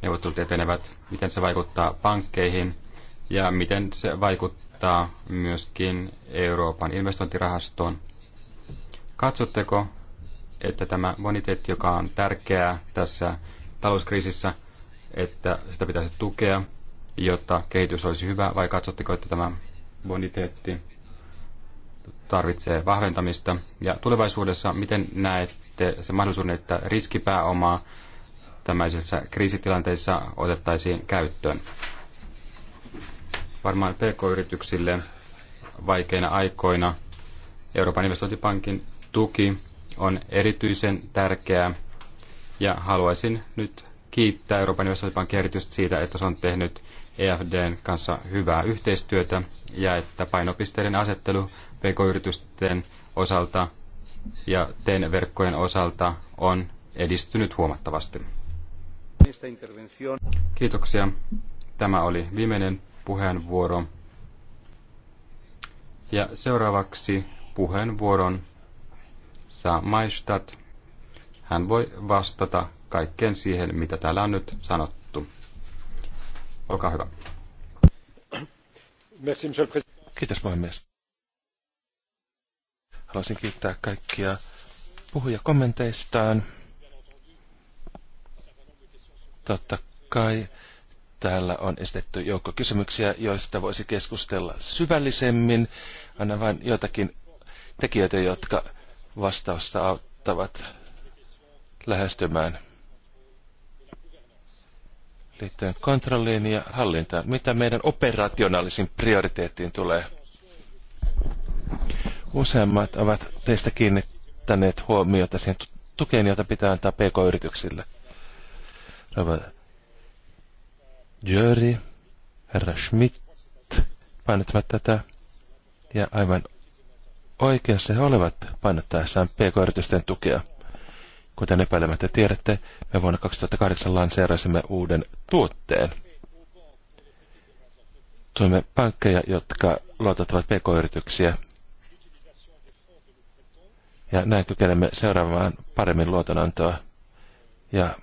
neuvottelut etenevät, miten se vaikuttaa pankkeihin – ja miten se vaikuttaa myöskin Euroopan investointirahastoon. Katsotteko, että tämä boniteetti, joka on tärkeää tässä talouskriisissä, että sitä pitäisi tukea, jotta kehitys olisi hyvä, vai katsotteko, että tämä boniteetti tarvitsee vahventamista? Ja tulevaisuudessa, miten näette se mahdollisuuden, että riskipääomaa tämmöisessä kriisitilanteessa otettaisiin käyttöön? varmaan PK-yrityksille vaikeina aikoina Euroopan investointipankin tuki on erityisen tärkeää ja haluaisin nyt kiittää Euroopan investointipankin erityisesti siitä, että se on tehnyt EFDn kanssa hyvää yhteistyötä ja että painopisteiden asettelu PK-yritysten osalta ja TEN-verkkojen osalta on edistynyt huomattavasti. Kiitoksia. Tämä oli viimeinen puheenvuoro. Ja seuraavaksi puheenvuoron saa Maistat. Hän voi vastata kaikkeen siihen, mitä täällä on nyt sanottu. Olkaa hyvä. Kiitos puhemies. Haluaisin kiittää kaikkia puhuja kommenteistaan. Totta kai Täällä on esitetty joukko kysymyksiä, joista voisi keskustella syvällisemmin. Anna vain jotakin tekijöitä, jotka vastausta auttavat lähestymään liittyen kontrolliin ja hallintaan. Mitä meidän operationaalisin prioriteettiin tulee? Useimmat ovat teistä kiinnittäneet huomiota siihen tukeen, jota pitää antaa pk-yrityksille. Jöri, herra Schmidt painottavat tätä, ja aivan oikeassa he olivat painottaessaan pk-yritysten tukea. Kuten epäilemättä tiedätte, me vuonna 2008 lanseerasimme uuden tuotteen. Tuemme pankkeja, jotka luotettavat pk-yrityksiä, ja näin kykenemme seuraavaan paremmin luotonantoa. Ja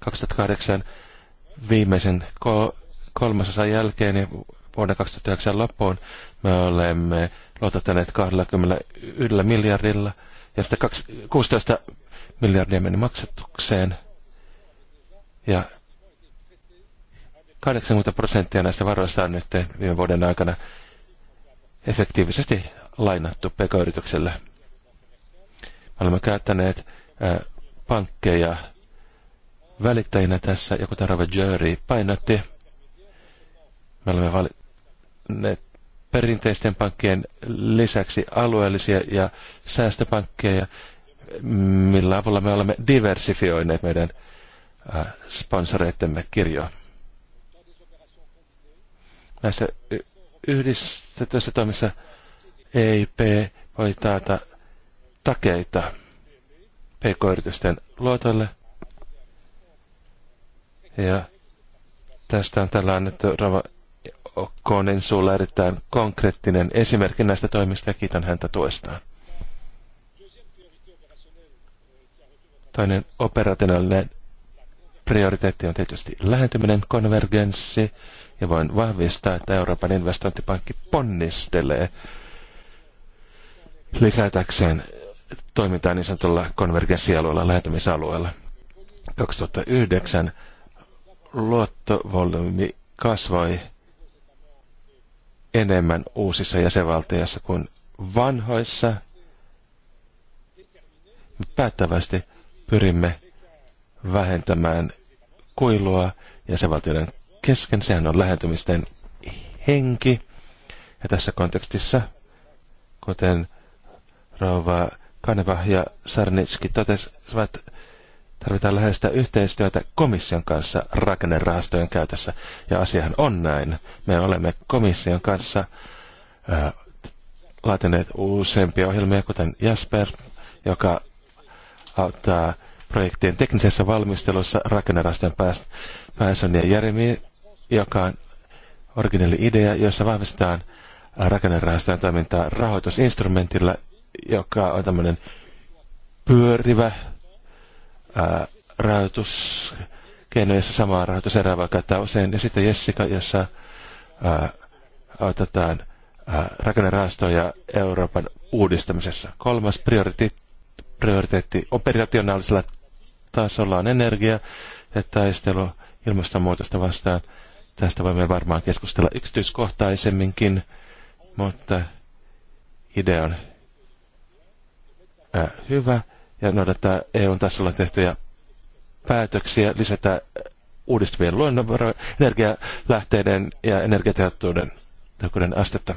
2008 viimeisen kolmasosan jälkeen ja vuoden 2009 loppuun me olemme luotettaneet 21 miljardilla ja sitten 16 miljardia meni maksatukseen. Ja 80 prosenttia näistä varoista on nyt viime vuoden aikana efektiivisesti lainattu pk-yritykselle. Me olemme käyttäneet pankkeja välittäjinä tässä, ja kuten Rava Jury painotti, me olemme valinneet perinteisten pankkien lisäksi alueellisia ja säästöpankkeja, millä avulla me olemme diversifioineet meidän sponsoreittemme kirjoa. Näissä yhdistetyissä toimissa EIP voi taata takeita pk-yritysten luotoille – ja tästä on tällä annettu Rava Okkonen sulla erittäin konkreettinen esimerkki näistä toimista ja kiitän häntä tuestaan. Toinen operationaalinen prioriteetti on tietysti lähentyminen, konvergenssi, ja voin vahvistaa, että Euroopan investointipankki ponnistelee lisätäkseen toimintaa niin sanotulla konvergenssialueella, lähentymisalueella. 2009 luottovolyymi kasvoi enemmän uusissa jäsenvaltioissa kuin vanhoissa. Me päättävästi pyrimme vähentämään kuilua jäsenvaltioiden kesken. Sehän on lähentymisten henki. Ja tässä kontekstissa, kuten rouva Kaneva ja Sarnitski totesivat, Tarvitaan läheistä yhteistyötä komission kanssa rakennerahastojen käytössä. Ja asiahan on näin. Me olemme komission kanssa äh, laatineet useampia ohjelmia, kuten Jasper, joka auttaa projektien teknisessä valmistelussa rakennerahastojen pääsyn ja Jeremy, joka on originelli idea, jossa vahvistetaan rakennerahastojen toimintaa rahoitusinstrumentilla, joka on tämmöinen pyörivä rahoituskeino, jossa samaa rahoituserää voi käyttää usein. Ja sitten Jessica, jossa ää, otetaan rakennerahastoja Euroopan uudistamisessa. Kolmas prioriteetti, prioriteetti operationaalisella tasolla on energia ja taistelu ilmastonmuutosta vastaan. Tästä voimme varmaan keskustella yksityiskohtaisemminkin, mutta idea on ää, hyvä ja noudattaa EUn tasolla tehtyjä päätöksiä, lisätä uudistuvien luonnonvarojen, energialähteiden ja energiatehokkuuden astetta.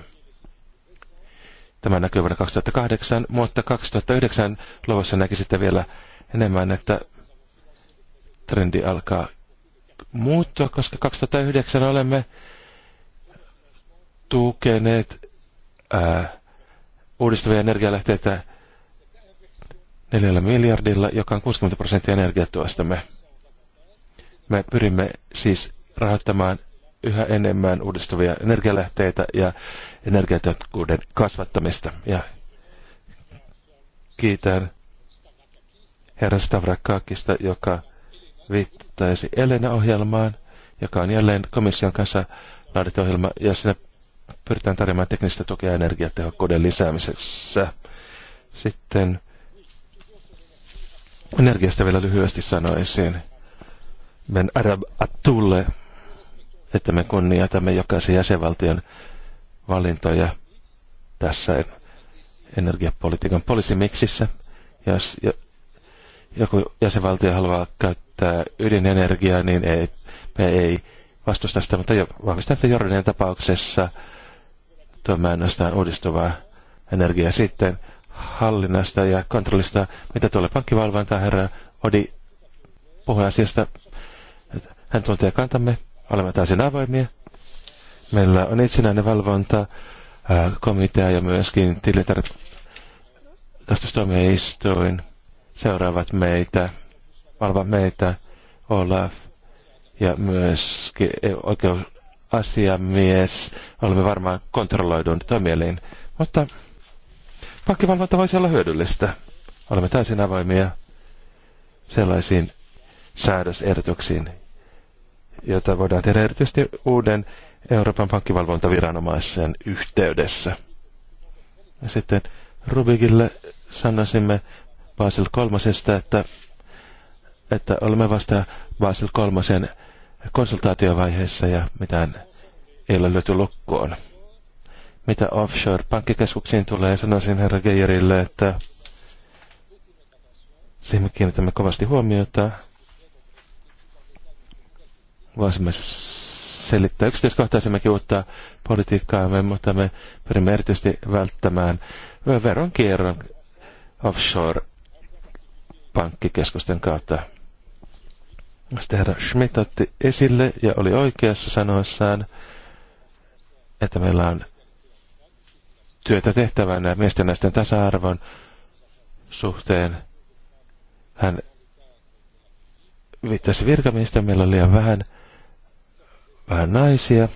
Tämä näkyy vuonna 2008, mutta 2009 luvussa näkisitte vielä enemmän, että trendi alkaa muuttua, koska 2009 olemme tukeneet ää, uudistuvia energialähteitä neljällä miljardilla, joka on 60 prosenttia energiatuostamme. Me pyrimme siis rahoittamaan yhä enemmän uudistuvia energialähteitä ja energiatehokkuuden kasvattamista. Ja kiitän herra Stavrakakista, joka viittaisi Elena-ohjelmaan, joka on jälleen komission kanssa laadittu ohjelma, ja siinä pyritään tarjoamaan teknistä tukea energiatehokkuuden lisäämisessä. Sitten Energiasta vielä lyhyesti sanoisin. Men Arab Atulle, että me kunnioitamme jokaisen jäsenvaltion valintoja tässä energiapolitiikan poliisimiksissä. Jos joku jäsenvaltio haluaa käyttää ydinenergiaa, niin ei, me ei vastusta sitä, mutta jo, vahvistan, että Jordanian tapauksessa tuomme ainoastaan uudistuvaa energiaa sitten – hallinnasta ja kontrollista, mitä tulee pankkivalvontaan, herra Odi puhui asiasta. Hän tuntee kantamme, olemme täysin avoimia. Meillä on itsenäinen valvonta, komitea ja myöskin tilintarkastustuomioistuin seuraavat meitä, valvat meitä, Olaf ja myöskin oikeusasiamies. Olemme varmaan kontrolloidun toimielin, mutta Pankkivalvonta voisi olla hyödyllistä. Olemme täysin avoimia sellaisiin säädösehdotuksiin, joita voidaan tehdä erityisesti uuden Euroopan pankkivalvontaviranomaisen yhteydessä. Ja sitten Rubikille sanoisimme Basel kolmosesta, että, että olemme vasta Basel kolmosen konsultaatiovaiheessa ja mitään ei ole löyty lukkoon. Mitä offshore-pankkikeskuksiin tulee, niin sanoisin herra Geijerille, että siihen me kiinnitämme kovasti huomiota. Voisimme selittää yksityiskohtaisemminkin uutta politiikkaamme, mutta me pyrimme erityisesti välttämään veronkierron offshore-pankkikeskusten kautta. Sitten herra Schmidt otti esille ja oli oikeassa sanoissaan, että meillä on työtä tehtävänä miesten naisten tasa-arvon suhteen. Hän viittasi virkamiestä, meillä on liian vähän, vähän naisia.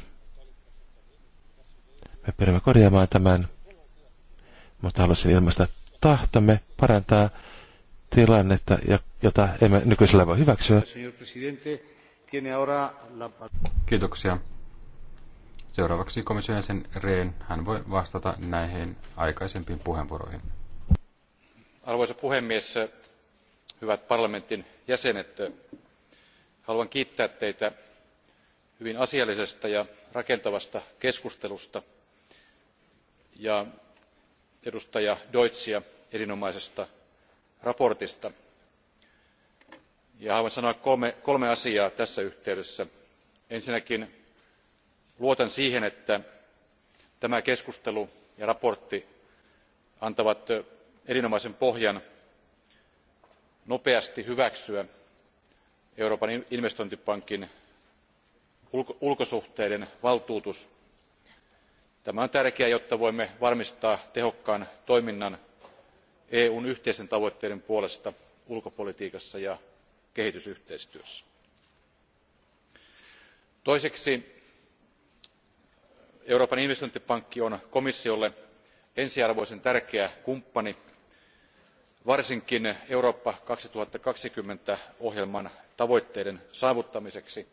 Me pyrimme korjaamaan tämän, mutta halusin ilmaista tahtomme parantaa tilannetta, jota emme nykyisellä voi hyväksyä. Kiitoksia. Seuraavaksi komission jäsen Rehn, hän voi vastata näihin aikaisempiin puheenvuoroihin. Arvoisa puhemies, hyvät parlamentin jäsenet, haluan kiittää teitä hyvin asiallisesta ja rakentavasta keskustelusta ja edustaja Deutsia erinomaisesta raportista. Ja haluan sanoa kolme, kolme asiaa tässä yhteydessä. Ensinnäkin luotan siihen että tämä keskustelu ja mietintö antavat erinomaisen pohjan nopeasti hyväksyä euroopan investointipankin ulkosuhteiden valtuutus. tämä on tärkeää jotta voimme varmistaa tehokkaan toiminnan eun yhteisten tavoitteiden puolesta ulkopolitiikassa ja kehitysyhteistyössä. toiseksi euroopan investointipankki on komissiolle ensiarvoisen tärkeä kumppani varsinkin eurooppa kaksituhatta kaksikymmentä ohjelman tavoitteiden saavuttamiseksi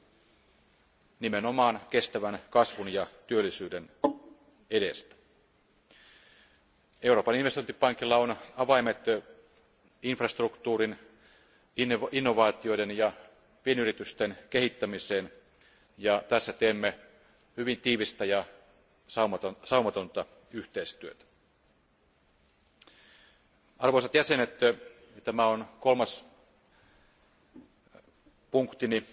nimenomaan kestävän kasvun ja työllisyyden edestä. euroopan investointipankilla on avaimet infrastruktuurin innovaatioiden ja pienyritysten kehittämiseen ja tässä teemme hyvin tiivistä ja saumatonta yhteistyötä. arvoisat jäsenet tämä on kolmas punktini.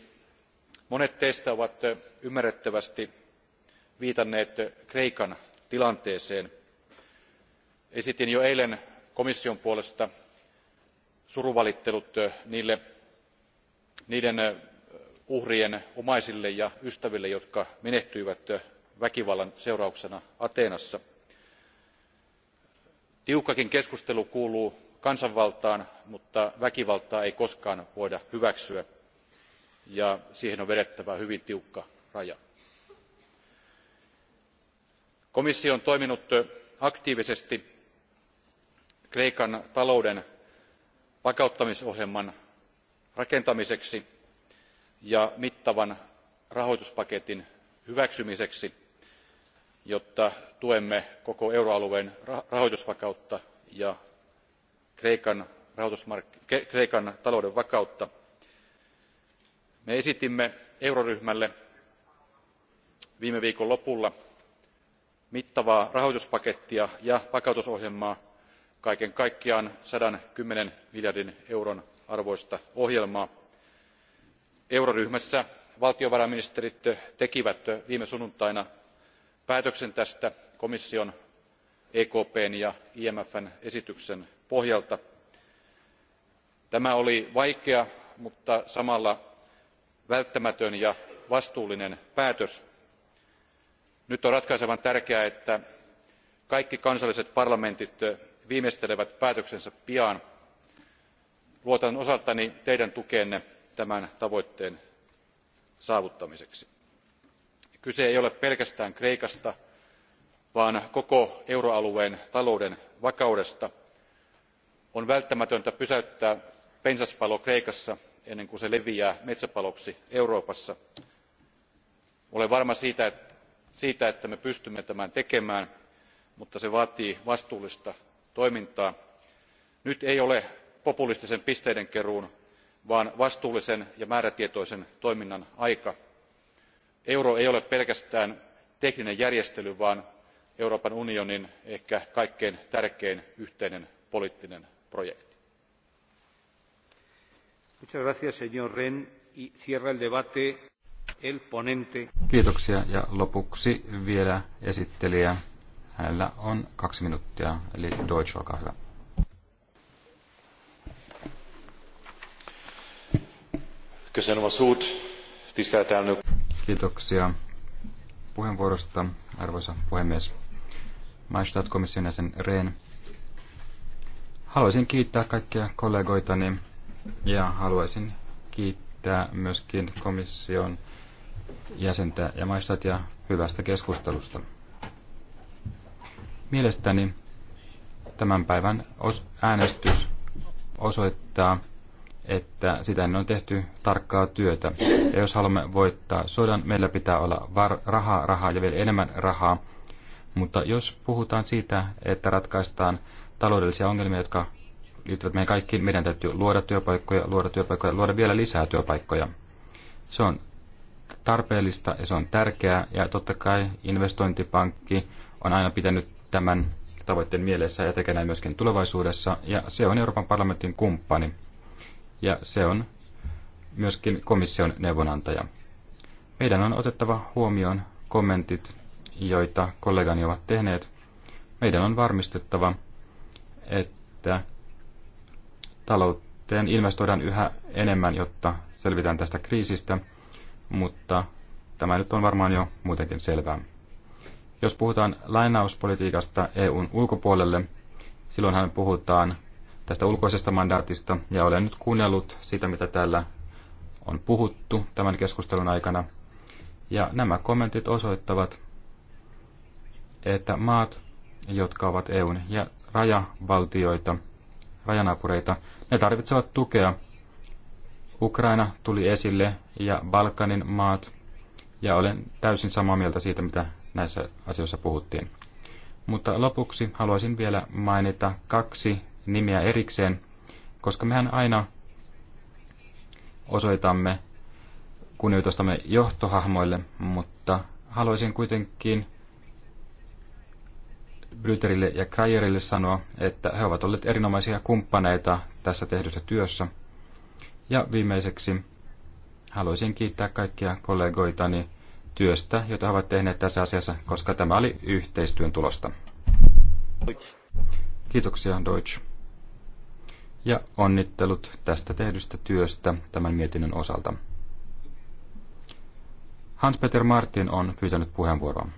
monet teistä ovat ymmärrettävästi viitanneet kreikan tilanteeseen. esitin jo eilen komission puolesta surunvalittelut niiden uhrien omaisille ja ystäville jotka menehtyivät väkivallan seurauksena ateenassa. tiukkakin keskustelu kuuluu kansanvaltaan mutta väkivaltaa ei koskaan voida hyväksyä ja siihen on vedettävä hyvin tiukka raja. komissio on toiminut aktiivisesti kreikan talouden vakauttamisohjelman rakentamiseksi ja mittavan rahoituspaketin hyväksymiseksi jotta tuemme koko euroalueen rahoitusvakautta ja kreikan talouden vakautta. me esitimme euroryhmälle viime viikon lopulla mittavaa rahoituspakettia ja vakautusohjelmaa kaiken kaikkiaan satakymmentä miljardin euron arvoista ohjelmaa. euroryhmässä valtiovarainministerit tekivät viime sunnuntaina päätöksen tästä komission ekpn ja imfn esityksen pohjalta. tämä oli vaikea mutta samalla välttämätön ja vastuullinen päätös. nyt on ratkaisevan tärkeää että kaikki kansalliset parlamentit viimeistelevät päätöksensä pian. luotan osaltani teidän tukeenne tämän tavoitteen saavuttamiseksi kyse ei ole pelkästään kreikasta vaan koko euroalueen talouden vakaudesta. on välttämätöntä pysäyttää pensaspalo kreikassa ennen kuin se leviää metsäpaloksi euroopassa. olen varma siitä että me pystymme tämän tekemään mutta se vaatii vastuullista toimintaa. nyt ei ole populistisen pisteidenkeruun vaan vastuullisen ja määrätietoisen toiminnan aika euro ei ole pelkästään tekninen järjestely vaan euroopan unionin ehkä kaikkein tärkein yhteinen poliittinen projekti. Kiitoksia ja lopuksi vielä esittelijä. Hänellä on kaksi minuuttia, eli Deutsch, olkaa hyvä. Kiitoksia puheenvuorosta, arvoisa puhemies. Maistat-komission jäsen Rehn. Haluaisin kiittää kaikkia kollegoitani ja haluaisin kiittää myöskin komission jäsentä ja maistat ja hyvästä keskustelusta. Mielestäni tämän päivän äänestys osoittaa, että sitä on tehty tarkkaa työtä. Ja jos haluamme voittaa sodan, meillä pitää olla var- rahaa, rahaa ja vielä enemmän rahaa. Mutta jos puhutaan siitä, että ratkaistaan taloudellisia ongelmia, jotka liittyvät meidän kaikkiin, meidän täytyy luoda työpaikkoja, luoda työpaikkoja, luoda vielä lisää työpaikkoja. Se on tarpeellista ja se on tärkeää ja totta kai investointipankki on aina pitänyt tämän tavoitteen mielessä ja tekee näin myöskin tulevaisuudessa ja se on Euroopan parlamentin kumppani ja se on myöskin komission neuvonantaja. Meidän on otettava huomioon kommentit, joita kollegani ovat tehneet. Meidän on varmistettava, että talouteen investoidaan yhä enemmän, jotta selvitään tästä kriisistä, mutta tämä nyt on varmaan jo muutenkin selvää. Jos puhutaan lainauspolitiikasta EUn ulkopuolelle, silloinhan puhutaan tästä ulkoisesta mandaatista ja olen nyt kuunnellut sitä, mitä täällä on puhuttu tämän keskustelun aikana. Ja nämä kommentit osoittavat, että maat, jotka ovat EUn ja rajavaltioita, rajanapureita, ne tarvitsevat tukea. Ukraina tuli esille ja Balkanin maat, ja olen täysin samaa mieltä siitä, mitä näissä asioissa puhuttiin. Mutta lopuksi haluaisin vielä mainita kaksi nimiä erikseen, koska mehän aina osoitamme kunnioitustamme johtohahmoille, mutta haluaisin kuitenkin Bryterille ja Krajerille sanoa, että he ovat olleet erinomaisia kumppaneita tässä tehdyssä työssä. Ja viimeiseksi haluaisin kiittää kaikkia kollegoitani työstä, jota he ovat tehneet tässä asiassa, koska tämä oli yhteistyön tulosta. Kiitoksia, Deutsch ja onnittelut tästä tehdystä työstä tämän mietinnön osalta. Hans-Peter Martin on pyytänyt puheenvuoroa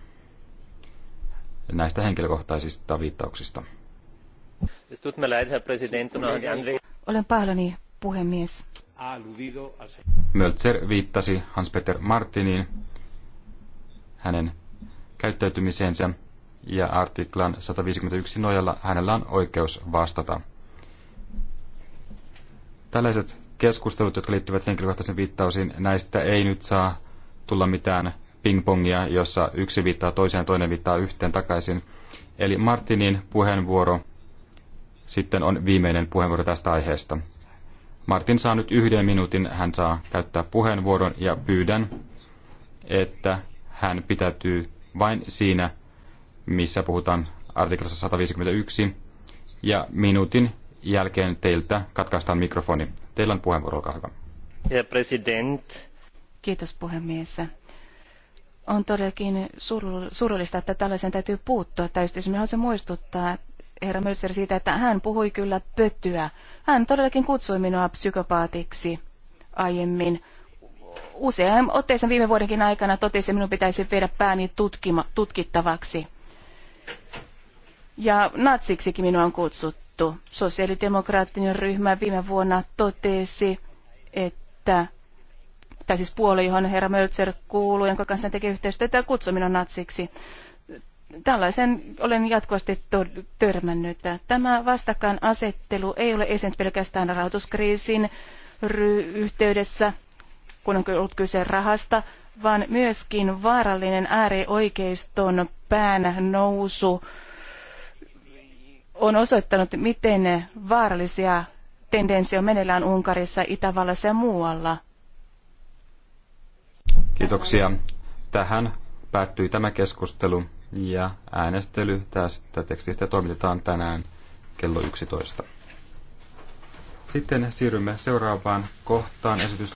näistä henkilökohtaisista viittauksista. Olen pahlani puhemies. Möltser viittasi Hans-Peter Martiniin, hänen käyttäytymiseensä ja artiklan 151 nojalla hänellä on oikeus vastata – Tällaiset keskustelut, jotka liittyvät henkilökohtaisiin viittausiin, näistä ei nyt saa tulla mitään pingpongia, jossa yksi viittaa toiseen, toinen viittaa yhteen takaisin. Eli Martinin puheenvuoro sitten on viimeinen puheenvuoro tästä aiheesta. Martin saa nyt yhden minuutin, hän saa käyttää puheenvuoron ja pyydän, että hän pitäytyy vain siinä, missä puhutaan artiklassa 151 ja minuutin jälkeen teiltä katkaistaan mikrofoni. Teillä on puheenvuoro, olkaa hyvä. Herr President. Kiitos puhemies. On todellakin surullista, että tällaisen täytyy puuttua. Täytyy se muistuttaa herra Mölser siitä, että hän puhui kyllä pötyä. Hän todellakin kutsui minua psykopaatiksi aiemmin. Usein otteeseen viime vuodenkin aikana totesi, että minun pitäisi viedä pääni tutkima, tutkittavaksi. Ja natsiksikin minua on kutsuttu sovittu. Sosiaalidemokraattinen ryhmä viime vuonna totesi, että tai siis puoli, johon herra Möltser kuuluu, jonka kanssa tekee yhteistyötä ja minun natsiksi. Tällaisen olen jatkuvasti törmännyt. Tämä vastakkainasettelu ei ole esiintynyt pelkästään rahoituskriisin yhteydessä, kun on ollut kyse rahasta, vaan myöskin vaarallinen äärioikeiston pään nousu on osoittanut, miten vaarallisia tendenssejä on meneillään Unkarissa, Itävallassa ja muualla. Kiitoksia. Tähän päättyi tämä keskustelu ja äänestely tästä tekstistä toimitetaan tänään kello 11. Sitten siirrymme seuraavaan kohtaan esitys.